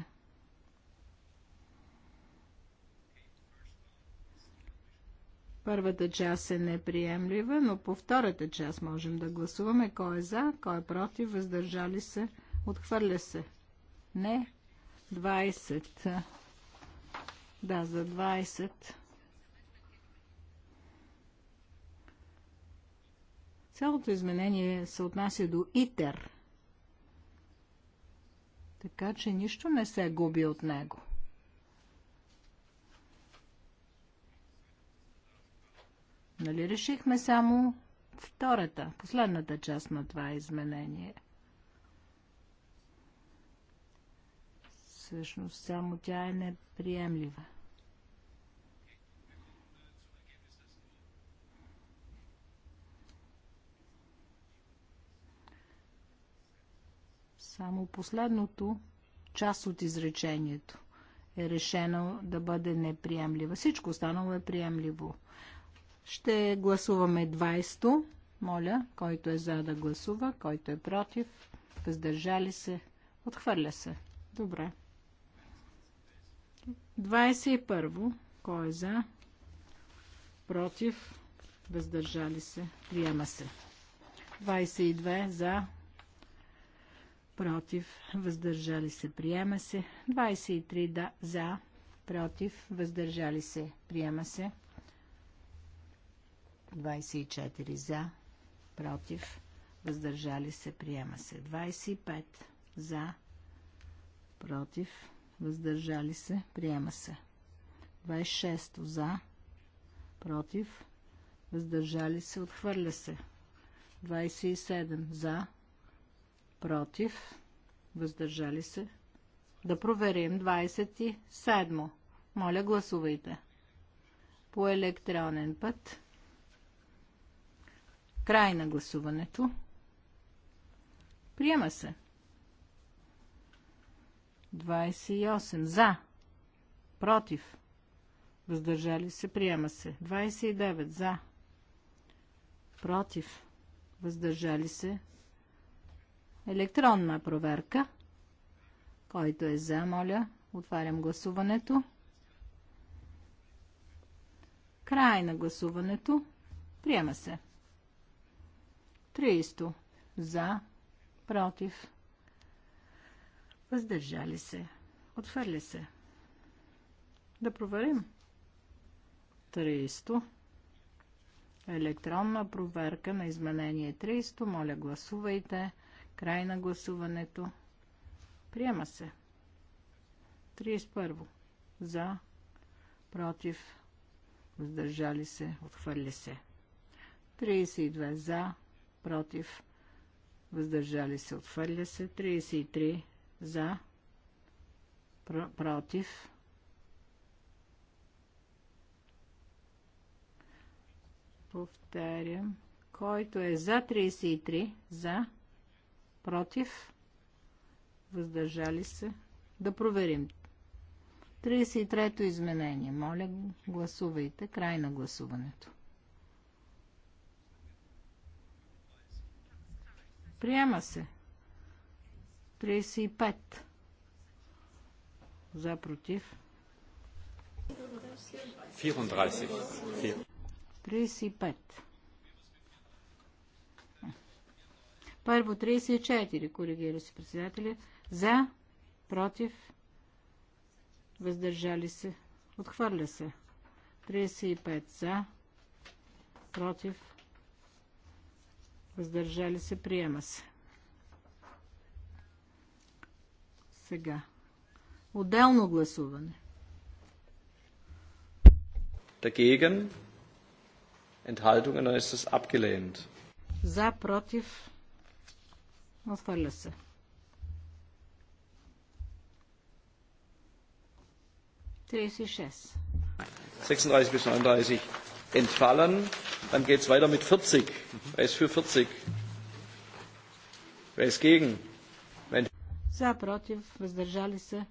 Първата част е неприемлива, но по втората част можем да гласуваме кой е за, кой е против, въздържали се, отхвърля се. Не. 20. Да, за 20. Цялото изменение се отнася до ИТЕР. Така че нищо не се губи от него. Нали решихме само втората, последната част на това изменение. Всъщност само тя е неприемлива. Само последното част от изречението е решено да бъде неприемлива. Всичко останало е приемливо. Ще гласуваме 20-то. Моля, който е за да гласува, който е против, въздържали се, отхвърля се. Добре. 21. Кой е за? Против? Въздържали се? Приема се. 22. За? Против? Въздържали се? Приема се. 23. Да, за? Против? Въздържали се? Приема се. 24 за, против, въздържали се, приема се. 25 за, против, въздържали се, приема се. 26 за, против, въздържали се, отхвърля се. 27 за, против, въздържали се. Да проверим 27. Моля, гласувайте. По електронен път. Край на гласуването. Приема се. 28 за. Против. Въздържали се. Приема се. 29 за. Против. Въздържали се. Електронна проверка. Който е за, моля, отварям гласуването. Край на гласуването. Приема се. 30 за, против, въздържали се, отхвърля се. Да проверим. 300. Електронна проверка на изменение 300. Моля, гласувайте. Край на гласуването. Приема се. 31. За. Против. Въздържали се. Отхвърли се. 32. За против, въздържали се, отхвърля се. 33 за, пр против. Повтарям. Който е за 33, за, против, въздържали се. Да проверим. 33-то изменение. Моля, гласувайте. Край на гласуването. Приема се. 35. За против. 34. 35. Първо 34, коригира се председателя. За, против, въздържали се, отхвърля се. 35 за, против, Въздържали се, приема се. Сега. Отделно гласуване. Dagegen. Enthaltungen, dann ist es abgelehnt. За, против. Отхвърля се. Тридесет и шест. 36 bis 39 entfallen. Dann geht es weiter mit 40. Wer ist für 40? Wer ist gegen? За, против, въздържали се.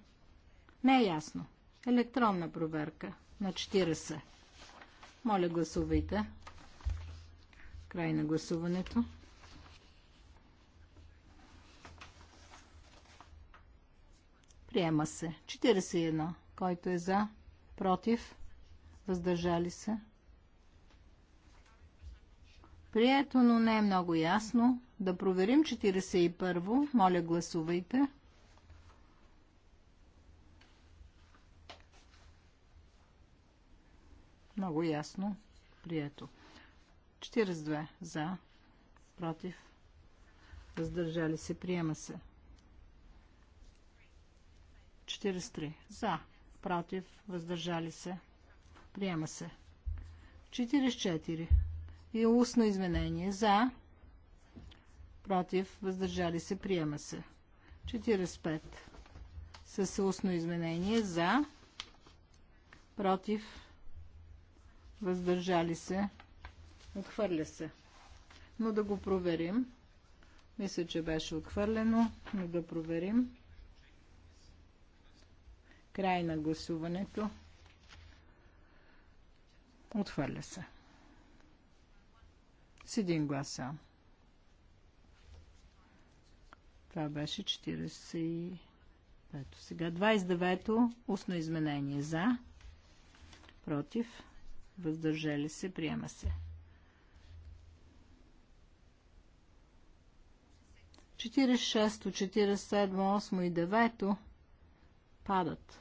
Не е ясно. Електронна проверка на 40. Моля, гласувайте. Край на гласуването. Приема се. 41. Който е за, против, въздържали се, Прието, но не е много ясно. Да проверим 41-во. Моля, гласувайте. Много ясно. Прието. 42 за, против, въздържали се, приема се. 43 за, против, въздържали се, приема се. 44 и устно изменение за, против, въздържали се, приема се. 45 с устно изменение за, против, въздържали се, отхвърля се. Но да го проверим. Мисля, че беше отхвърлено, но да проверим. Край на гласуването. Отхвърля се. С един глас Това беше 45. Сега 29-то устно изменение за, против, въздържали се, приема се. 46-то, 47-то, 8-то и 9-то падат.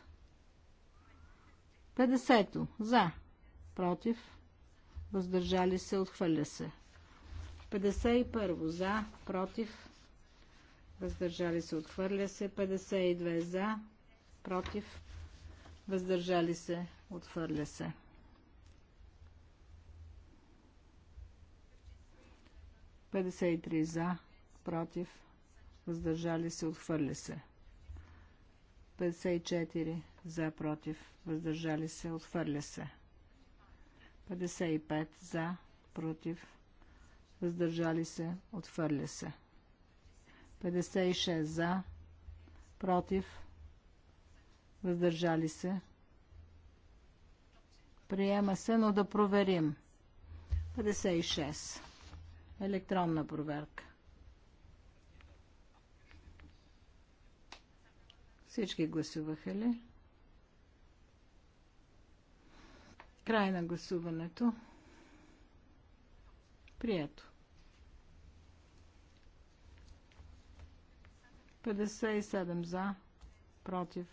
50-то за, против, въздържали се, отхвърля се. 51 за, против, въздържали се, отхвърля се. 52 за, против, въздържали се, отхвърля се. 53 за, против, въздържали се, отхвърля се. 54 за, против, въздържали се, отхвърля се. 55 за, против, въздържали се, отвърля се. 56 за, против, въздържали се. Приема се, но да проверим. 56. Електронна проверка. Всички гласуваха ли? Край на гласуването. Прието. 57 за, против,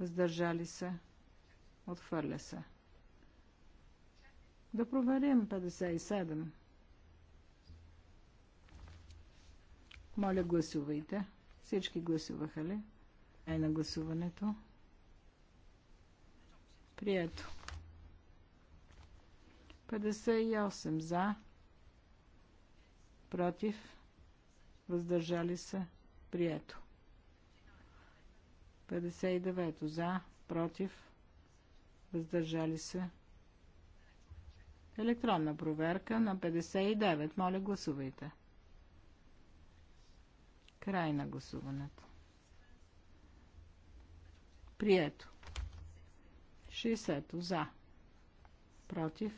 въздържали се, отхвърля се. Да проверим 57. Моля, гласувайте. Всички гласуваха ли? Ай е на гласуването. Прието. 58 за, против, въздържали се, Прието. 59 за, против, въздържали се. Електронна проверка на 59. Моля, гласувайте. Край на гласуването. Прието. 60 за, против,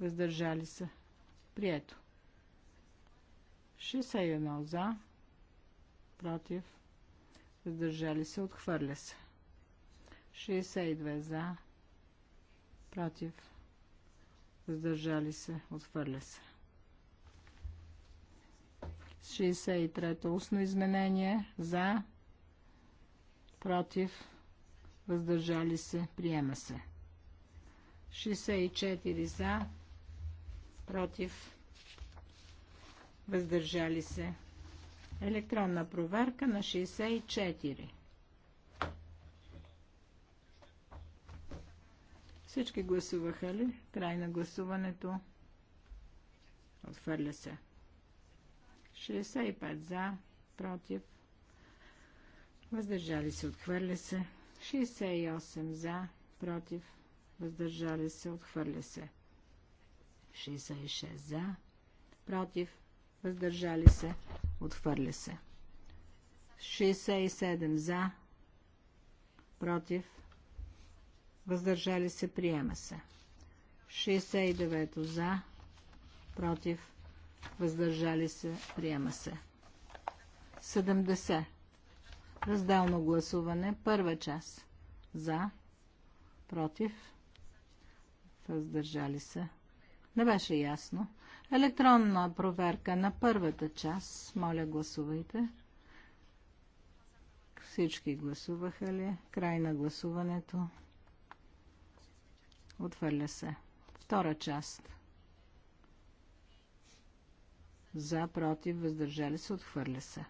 въздържали се. Прието. 61 за, против, въздържали се, отхвърля се. 62 за, против, въздържали се, отхвърля се. 63-то устно изменение за, против, въздържали се, приема се. 64 за, против, въздържали се, Електронна проверка на 64. Всички гласуваха ли? Край на гласуването. Отхвърля се. 65 за, против. Въздържали се, отхвърля се. 68 за, против. Въздържали се, отхвърля се. 66 за, против. Въздържали се, Отхвърля се. 67 за. Против. Въздържали се. Приема се. 69 за. Против. Въздържали се. Приема се. 70. Разделно гласуване. Първа част. За. Против. Въздържали се. Не беше ясно. Електронна проверка на първата част. Моля, гласувайте. Всички гласуваха ли? Край на гласуването. Отвърля се. Втора част. За, против, въздържали се, отхвърля се.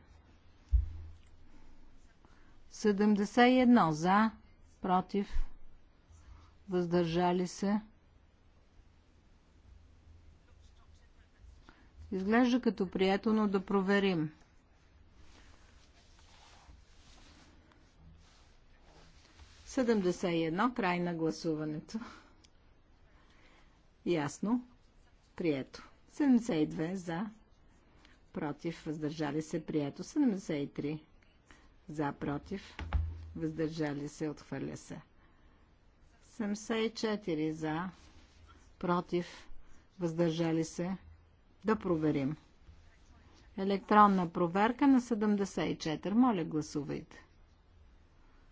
71 за, против, въздържали се, Изглежда като прието, но да проверим. Седемдесет и едно, край на гласуването. Ясно. Прието. 72 за. Против. Въздържали се. Прието. 73 за. Против. Въздържали се. Отхвърля се. 74 за. Против. Въздържали се. Да проверим. Електронна проверка на 74. Моля, гласувайте.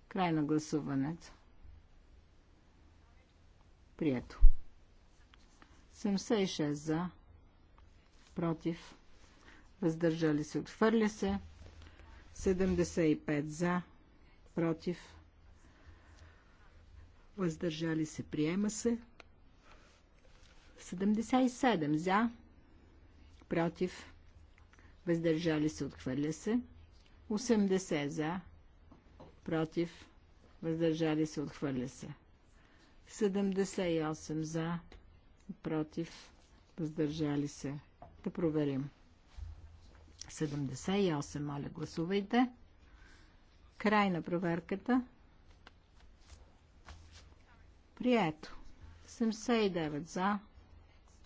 Край на гласуването. Прието. 76 за. Против. Въздържали се. Отхвърля се. 75 за. Против. Въздържали се. Приема се. 77 за против, въздържали се, отхвърля се. 80 за, против, въздържали се, отхвърля се. 78 за, против, въздържали се. Да проверим. 78, моля, гласувайте. Край на проверката. Прието. 79 за,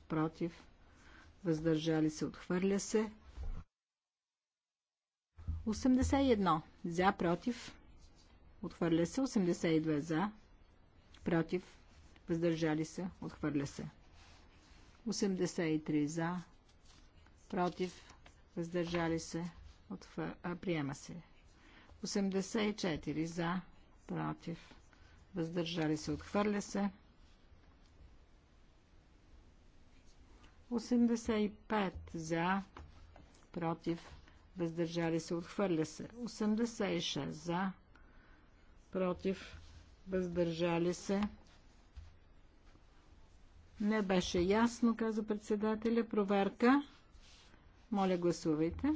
против, въздържали се, отхвърля се. 81 за, против, отхвърля се. 82 за, против, въздържали се, отхвърля се. 83 за, против, въздържали се, отхвър... а, приема се. 84 за, против, въздържали се, отхвърля се. 85 за, против, въздържали се, отхвърля се. 86 за, против, въздържали се. Не беше ясно, каза председателя. Проверка. Моля, гласувайте.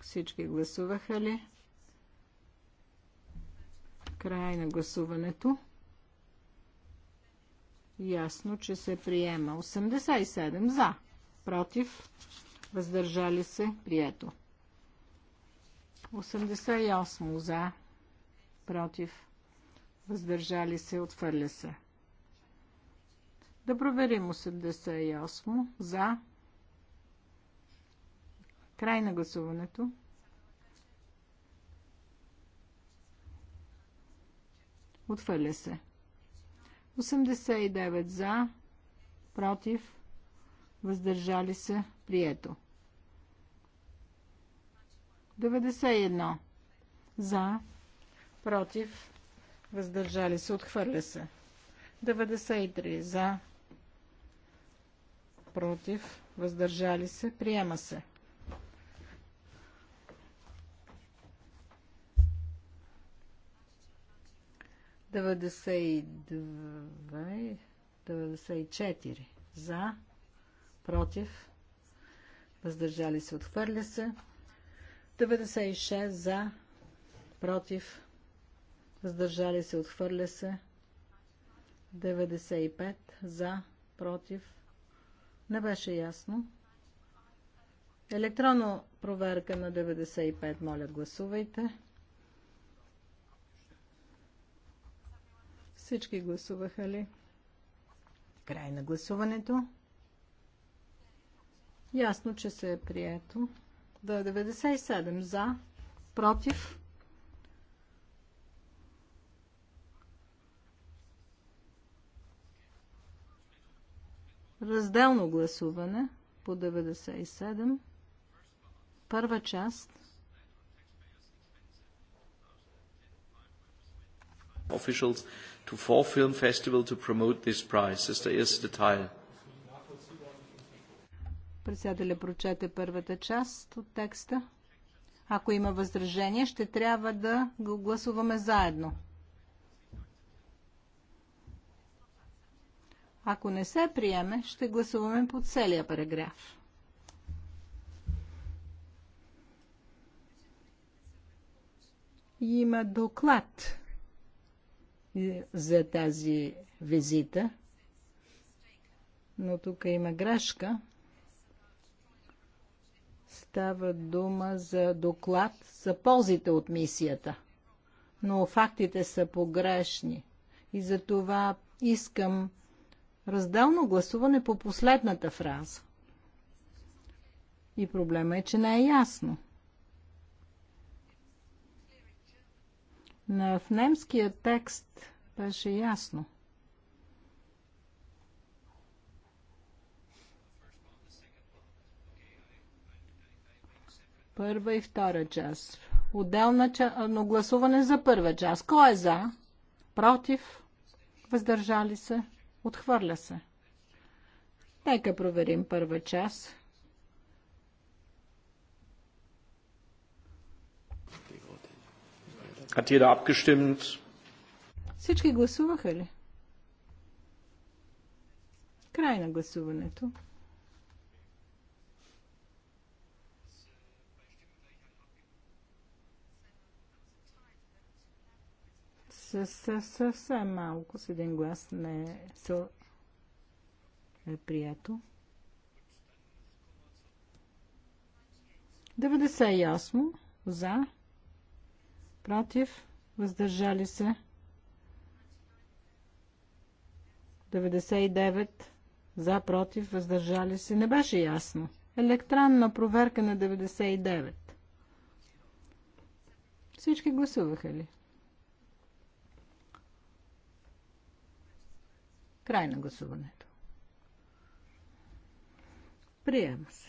Всички гласуваха ли? Край на гласуването. Ясно, че се приема. 87 за. Против. Въздържали се. Прието. 88 за. Против. Въздържали се. Отвърля се. Да проверим 88 за. Край на гласуването. Отвърля се. 89 за, против, въздържали се, прието. 91 за, против, въздържали се, отхвърля се. 93 за, против, въздържали се, приема се. 92, 94 за, против, въздържали се, отхвърля се. 96 за, против, въздържали се, отхвърля се. 95 за, против. Не беше ясно. Електронно проверка на 95, моля гласувайте. Всички гласуваха ли? Край на гласуването. Ясно, че се е прието. Да, 97 за, против. Разделно гласуване по 97. Първа част – officials to four film festivals to promote this prize. Das ist Teil. Председателя прочете първата част от текста. Ако има възражение, ще трябва да го гласуваме заедно. Ако не се приеме, ще гласуваме по целия параграф. Има доклад за тази визита. Но тук има грешка. Става дума за доклад за ползите от мисията. Но фактите са погрешни. И за това искам разделно гласуване по последната фраза. И проблема е, че не е ясно. В немския текст беше ясно. Първа и втора част. Отделна част, но гласуване за първа част. Кой е за? Против? Въздържали се? Отхвърля се. Нека проверим първа част. Hat jeder abgestimmt? Всички гласуваха ли? Край на гласуването. Съвсем малко, с един глас не е прието. 98 за против, въздържали се 99 за, против, въздържали се. Не беше ясно. Електронна проверка на 99. Всички гласуваха ли? Край на гласуването. Приема се.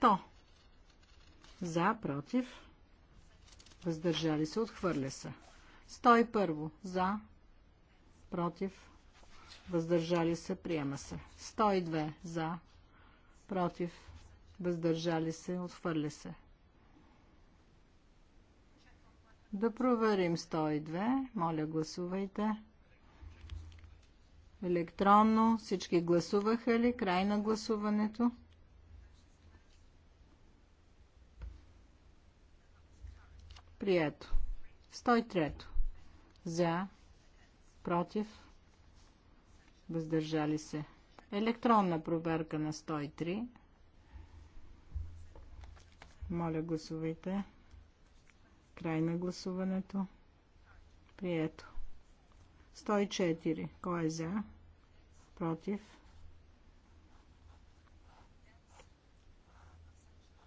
100. За, против, въздържали се, отхвърля се. 101 за, против, въздържали се, приема се. 102 за, против, въздържали се, отхвърля се. Да проверим 102. Моля, гласувайте. Електронно. Всички гласуваха ли? Край на гласуването. Прието. 103. За. Против. Въздържали се. Електронна проверка на 103. Моля, гласувайте. Край на гласуването. Прието. 104. Кой е за? Против.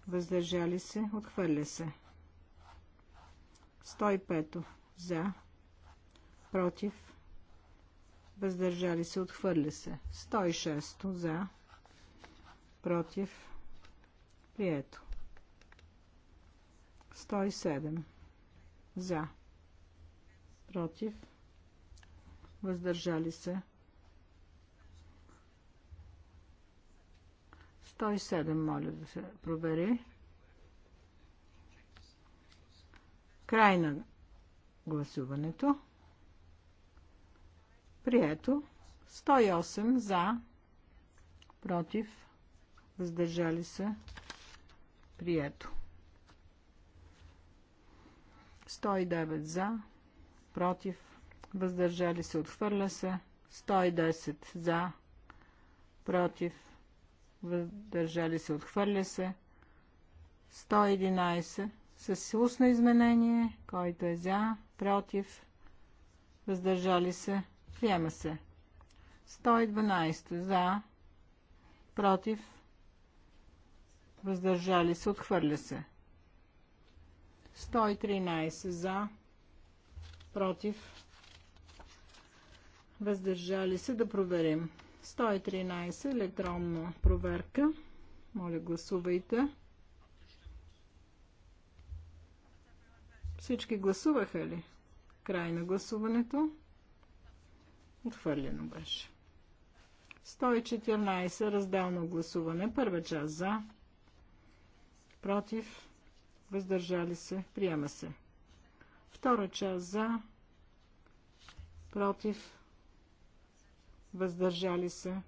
Въздържали се. Отхвърля се. 105 за, против, въздържали се, отхвърля се. 106 за, против, прието. 107 за, против, въздържали се. 107 моля да се провери. Край на гласуването. Прието. 108 за, против, въздържали се. Прието. 109 за, против, въздържали се, отхвърля се. 110 за, против, въздържали се, отхвърля се. 111 с устно изменение, който е за, против, въздържали се, приема се. 112 за, против, въздържали се, отхвърля се. 113 за, против, въздържали се, да проверим. 113 електронна проверка. Моля, гласувайте. Всички гласуваха ли? Край на гласуването. Отхвърлено беше. 114 разделно гласуване. Първа част за. Против. Въздържали се. Приема се. Втора част за. Против. Въздържали се.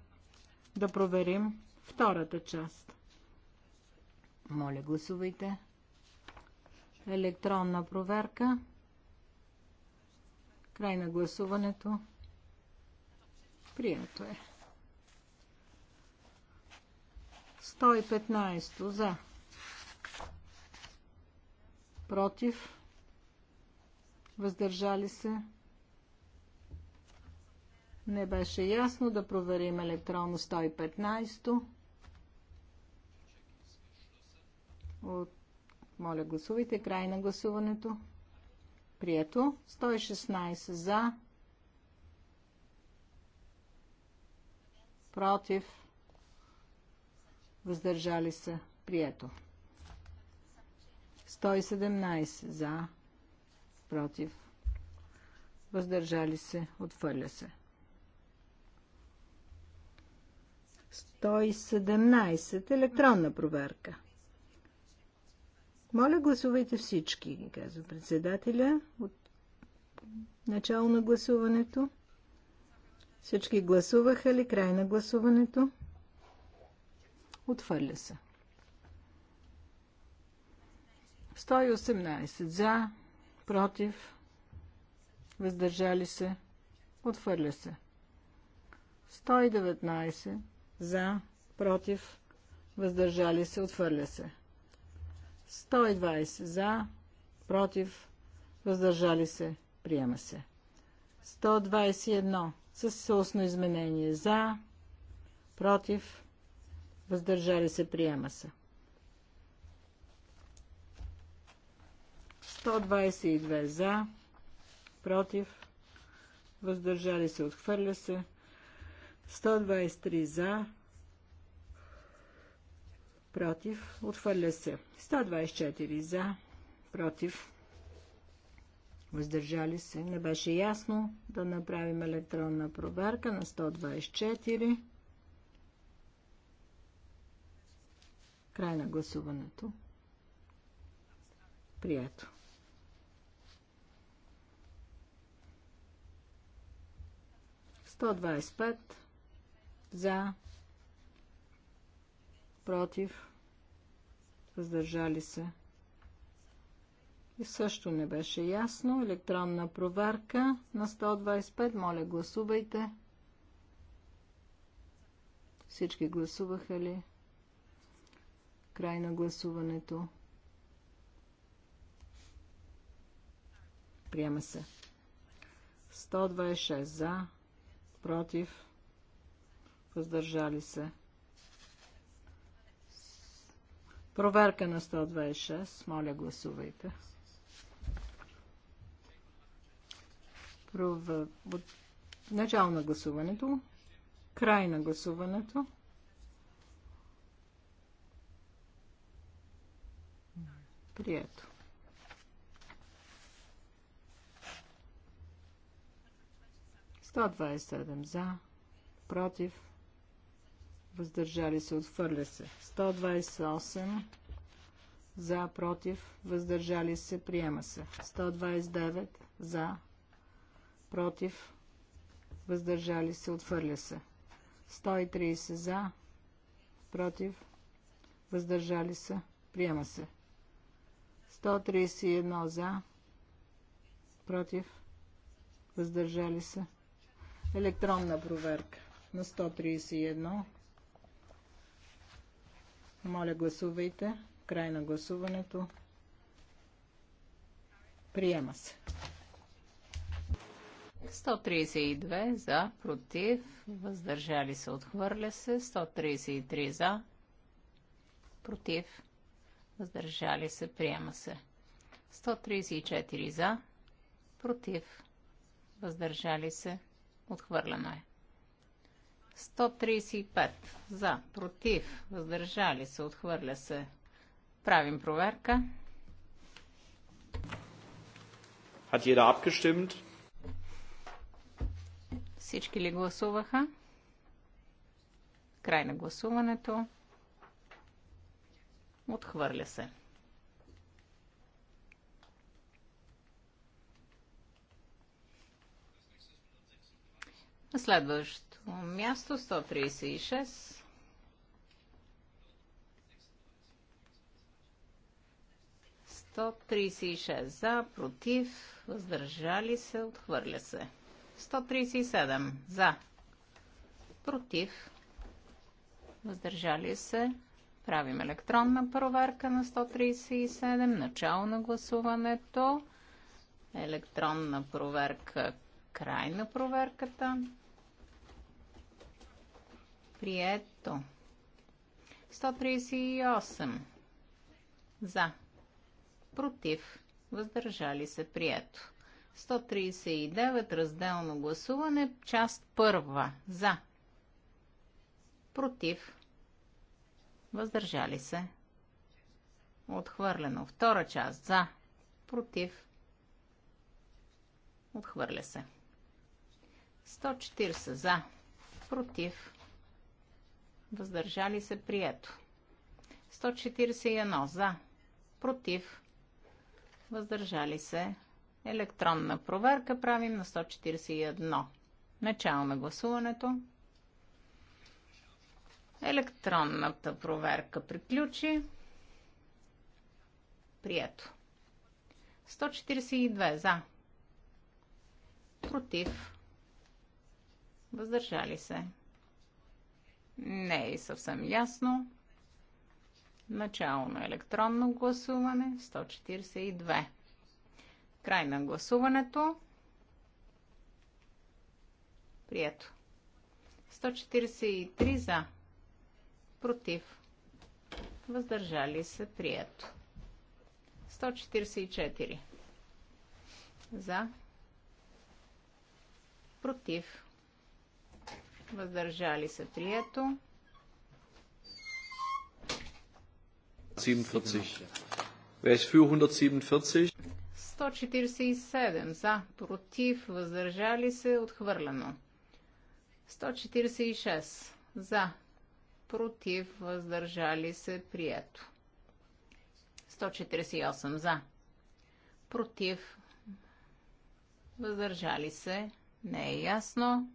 Да проверим втората част. Моля, гласувайте. Електронна проверка. Край на гласуването. Прието е. 115 за. Против. Въздържали се. Не беше ясно да проверим електронно 115. От моля, гласувайте. Край на гласуването. Прието. 116 за. Против. Въздържали се. Прието. 117 за. Против. Въздържали се. Отвърля се. 117. Електронна проверка. Моля, гласувайте всички, казва председателя от начало на гласуването. Всички гласуваха ли край на гласуването? Отвърля се. 118 за, против, въздържали се, отвърля се. 119 за, против, въздържали се, отвърля се. 120 за, против, въздържали се, приема се. 121 с съусно изменение за, против, въздържали се, приема се. 122 за, против, въздържали се, отхвърля се. 123 за, против, отхвърля се. 124 за, против, въздържали се. Не беше ясно да направим електронна проверка на 124. Край на гласуването. Прието. Сто двадесет пет за против въздържали се. И също не беше ясно. Електронна проверка на 125. Моля, гласувайте. Всички гласуваха ли? Край на гласуването. Приема се. 126 за, против, въздържали се. Проверка на 126. Моля, гласувайте. Начало на гласуването. Край на гласуването. Прието. Сто седем за, против въздържали се, отхвърля се. 128 за, против, въздържали се, приема се. 129 за, против, въздържали се, отхвърля се. 130 за, против, въздържали се, приема се. 131 за, против, въздържали се. Електронна проверка на 131. Моля, гласувайте. Край на гласуването. Приема се. 132 за, против, въздържали се, отхвърля се. 133 за, против, въздържали се, приема се. 134 за, против, въздържали се, отхвърляно е. 135 за, против, въздържали се, отхвърля се. Правим проверка. Hat jeder abgestimmt? Всички ли гласуваха? Край на гласуването. Отхвърля се. Следващ място 136. за, против, въздържали се, отхвърля се. 137 за, против, въздържали се. Правим електронна проверка на 137, начало на гласуването, електронна проверка, край на проверката. Прието. 138. За. Против. Въздържали се. Прието. 139. Разделно гласуване. Част първа. За. Против. Въздържали се. Отхвърлено. Втора част. За. Против. Отхвърля се. 140 за. Против въздържали се, прието. 141 за, против, въздържали се. Електронна проверка правим на 141. Начало на гласуването. Електронната проверка приключи. Прието. 142 за. Против. Въздържали се. Не е съвсем ясно. Начало на електронно гласуване 142. Край на гласуването. Прието. 143 за. Против. Въздържали се. Прието. 144 за. Против въздържали се, прието. 47. Wer ist für 147? 147 за, против, въздържали се, отхвърлено. 146 за, против, въздържали се, прието. 148 за, против, въздържали се, не е ясно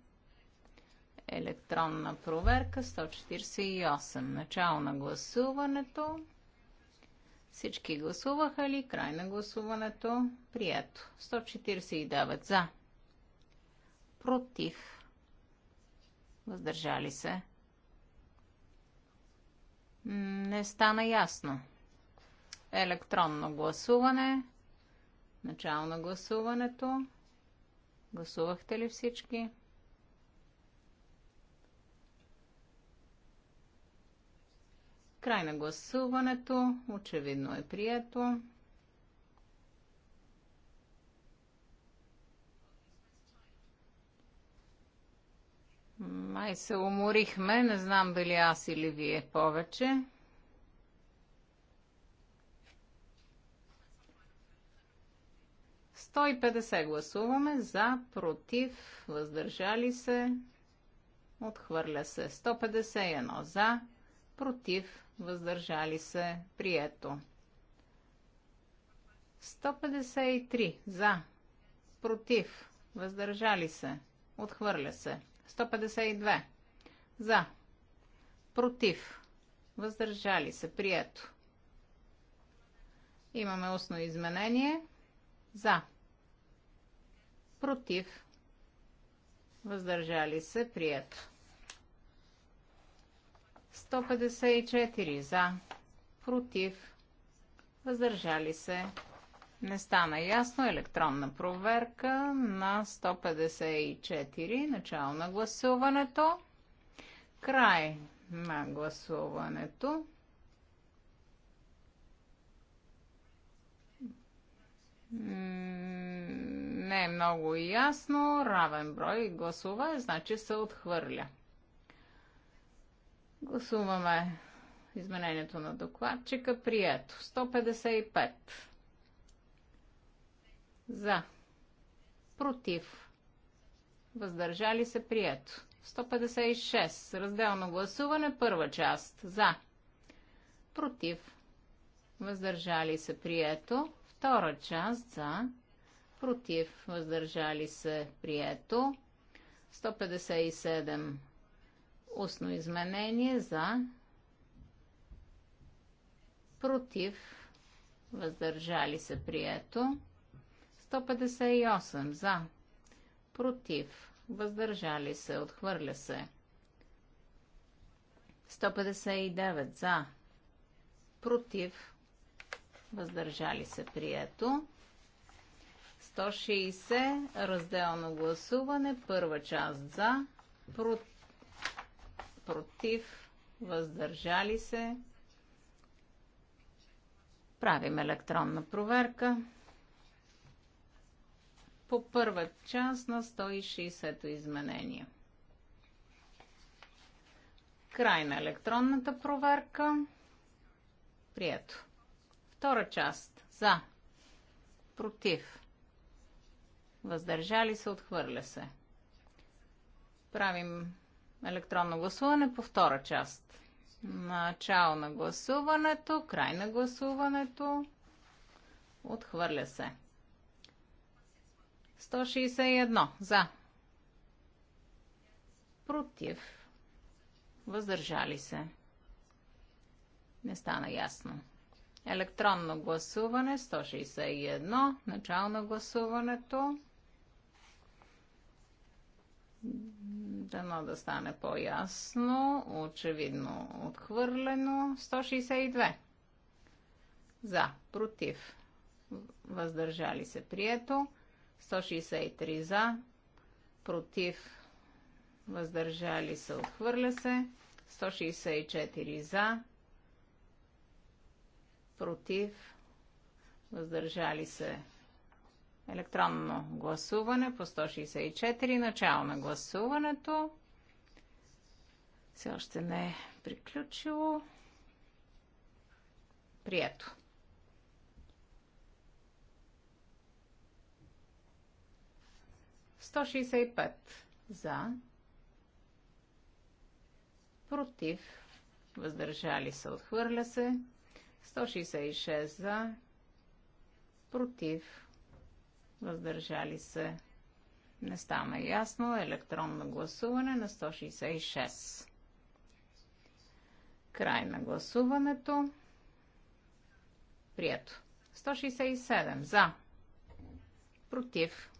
електронна проверка 148. Начало на гласуването. Всички гласуваха ли? Край на гласуването. Прието. 149 за. Против. Въздържали се. Не стана ясно. Електронно гласуване. Начало на гласуването. Гласувахте ли всички? Край на гласуването. Очевидно е прието. Май се уморихме. Не знам дали аз или вие повече. Сто и петдесет гласуваме за, против, въздържали се, отхвърля се. 151 за, против, въздържали се, прието. 153 за, против, въздържали се, отхвърля се. 152 за, против, въздържали се, прието. Имаме устно изменение. За. Против. Въздържали се. Прието. 154 за, против, въздържали се. Не стана ясно. Електронна проверка на 154. Начало на гласуването. Край на гласуването. Не е много ясно. Равен брой гласове, значи се отхвърля. Гласуваме изменението на докладчика. Прието. 155. За. Против. Въздържали се. Прието. 156. Разделно гласуване. Първа част. За. Против. Въздържали се. Прието. Втора част. За. Против. Въздържали се. Прието. 157 Устно изменение за против, въздържали се прието. 158 за, против, въздържали се, отхвърля се. 159 за, против, въздържали се, прието. 160 разделно гласуване, първа част за, против против, въздържали се. Правим електронна проверка по първа част на 160-то изменение. Край на електронната проверка. Прието. Втора част. За. Против. Въздържали се, отхвърля се. Правим Електронно гласуване по втора част. Начало на гласуването, край на гласуването. Отхвърля се. 161 за. Против. Въздържали се. Не стана ясно. Електронно гласуване 161. Начало на гласуването. Дано да стане по-ясно. Очевидно отхвърлено. 162. За. Против. Въздържали се. Прието. 163 за. Против. Въздържали се. Отхвърля се. 164 за. Против. Въздържали се. Електронно гласуване по 164. Начало на гласуването. Все още не е приключило. Прието. Сто шестдесет пет за против, въздържали се, отхвърля се, 166 за, против, въздържали се. Не стана ясно. Електронно гласуване на 166. Край на гласуването. Прието. 167 за. Против.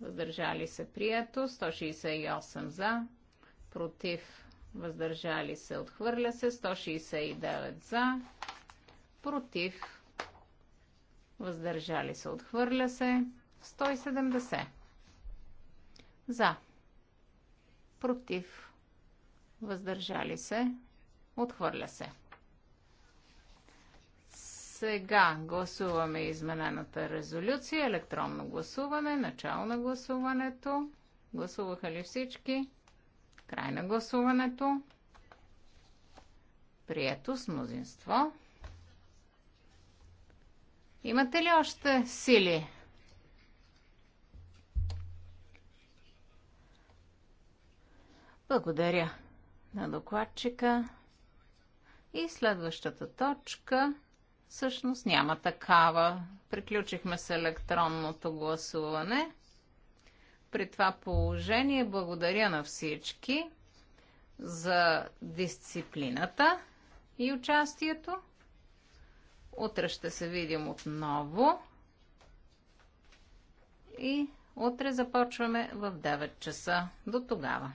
Въздържали се. Прието. 168 за. Против. Въздържали се. Отхвърля се. 169 за. Против въздържали се, отхвърля се. 170 за, против, въздържали се, отхвърля се. Сега гласуваме изменената резолюция, електронно гласуване, начало на гласуването. Гласуваха ли всички? Край на гласуването. Прието с мнозинство. Имате ли още сили? Благодаря на докладчика. И следващата точка всъщност няма такава. Приключихме с електронното гласуване. При това положение благодаря на всички за дисциплината и участието. Утре ще се видим отново. И утре започваме в 9 часа. До тогава.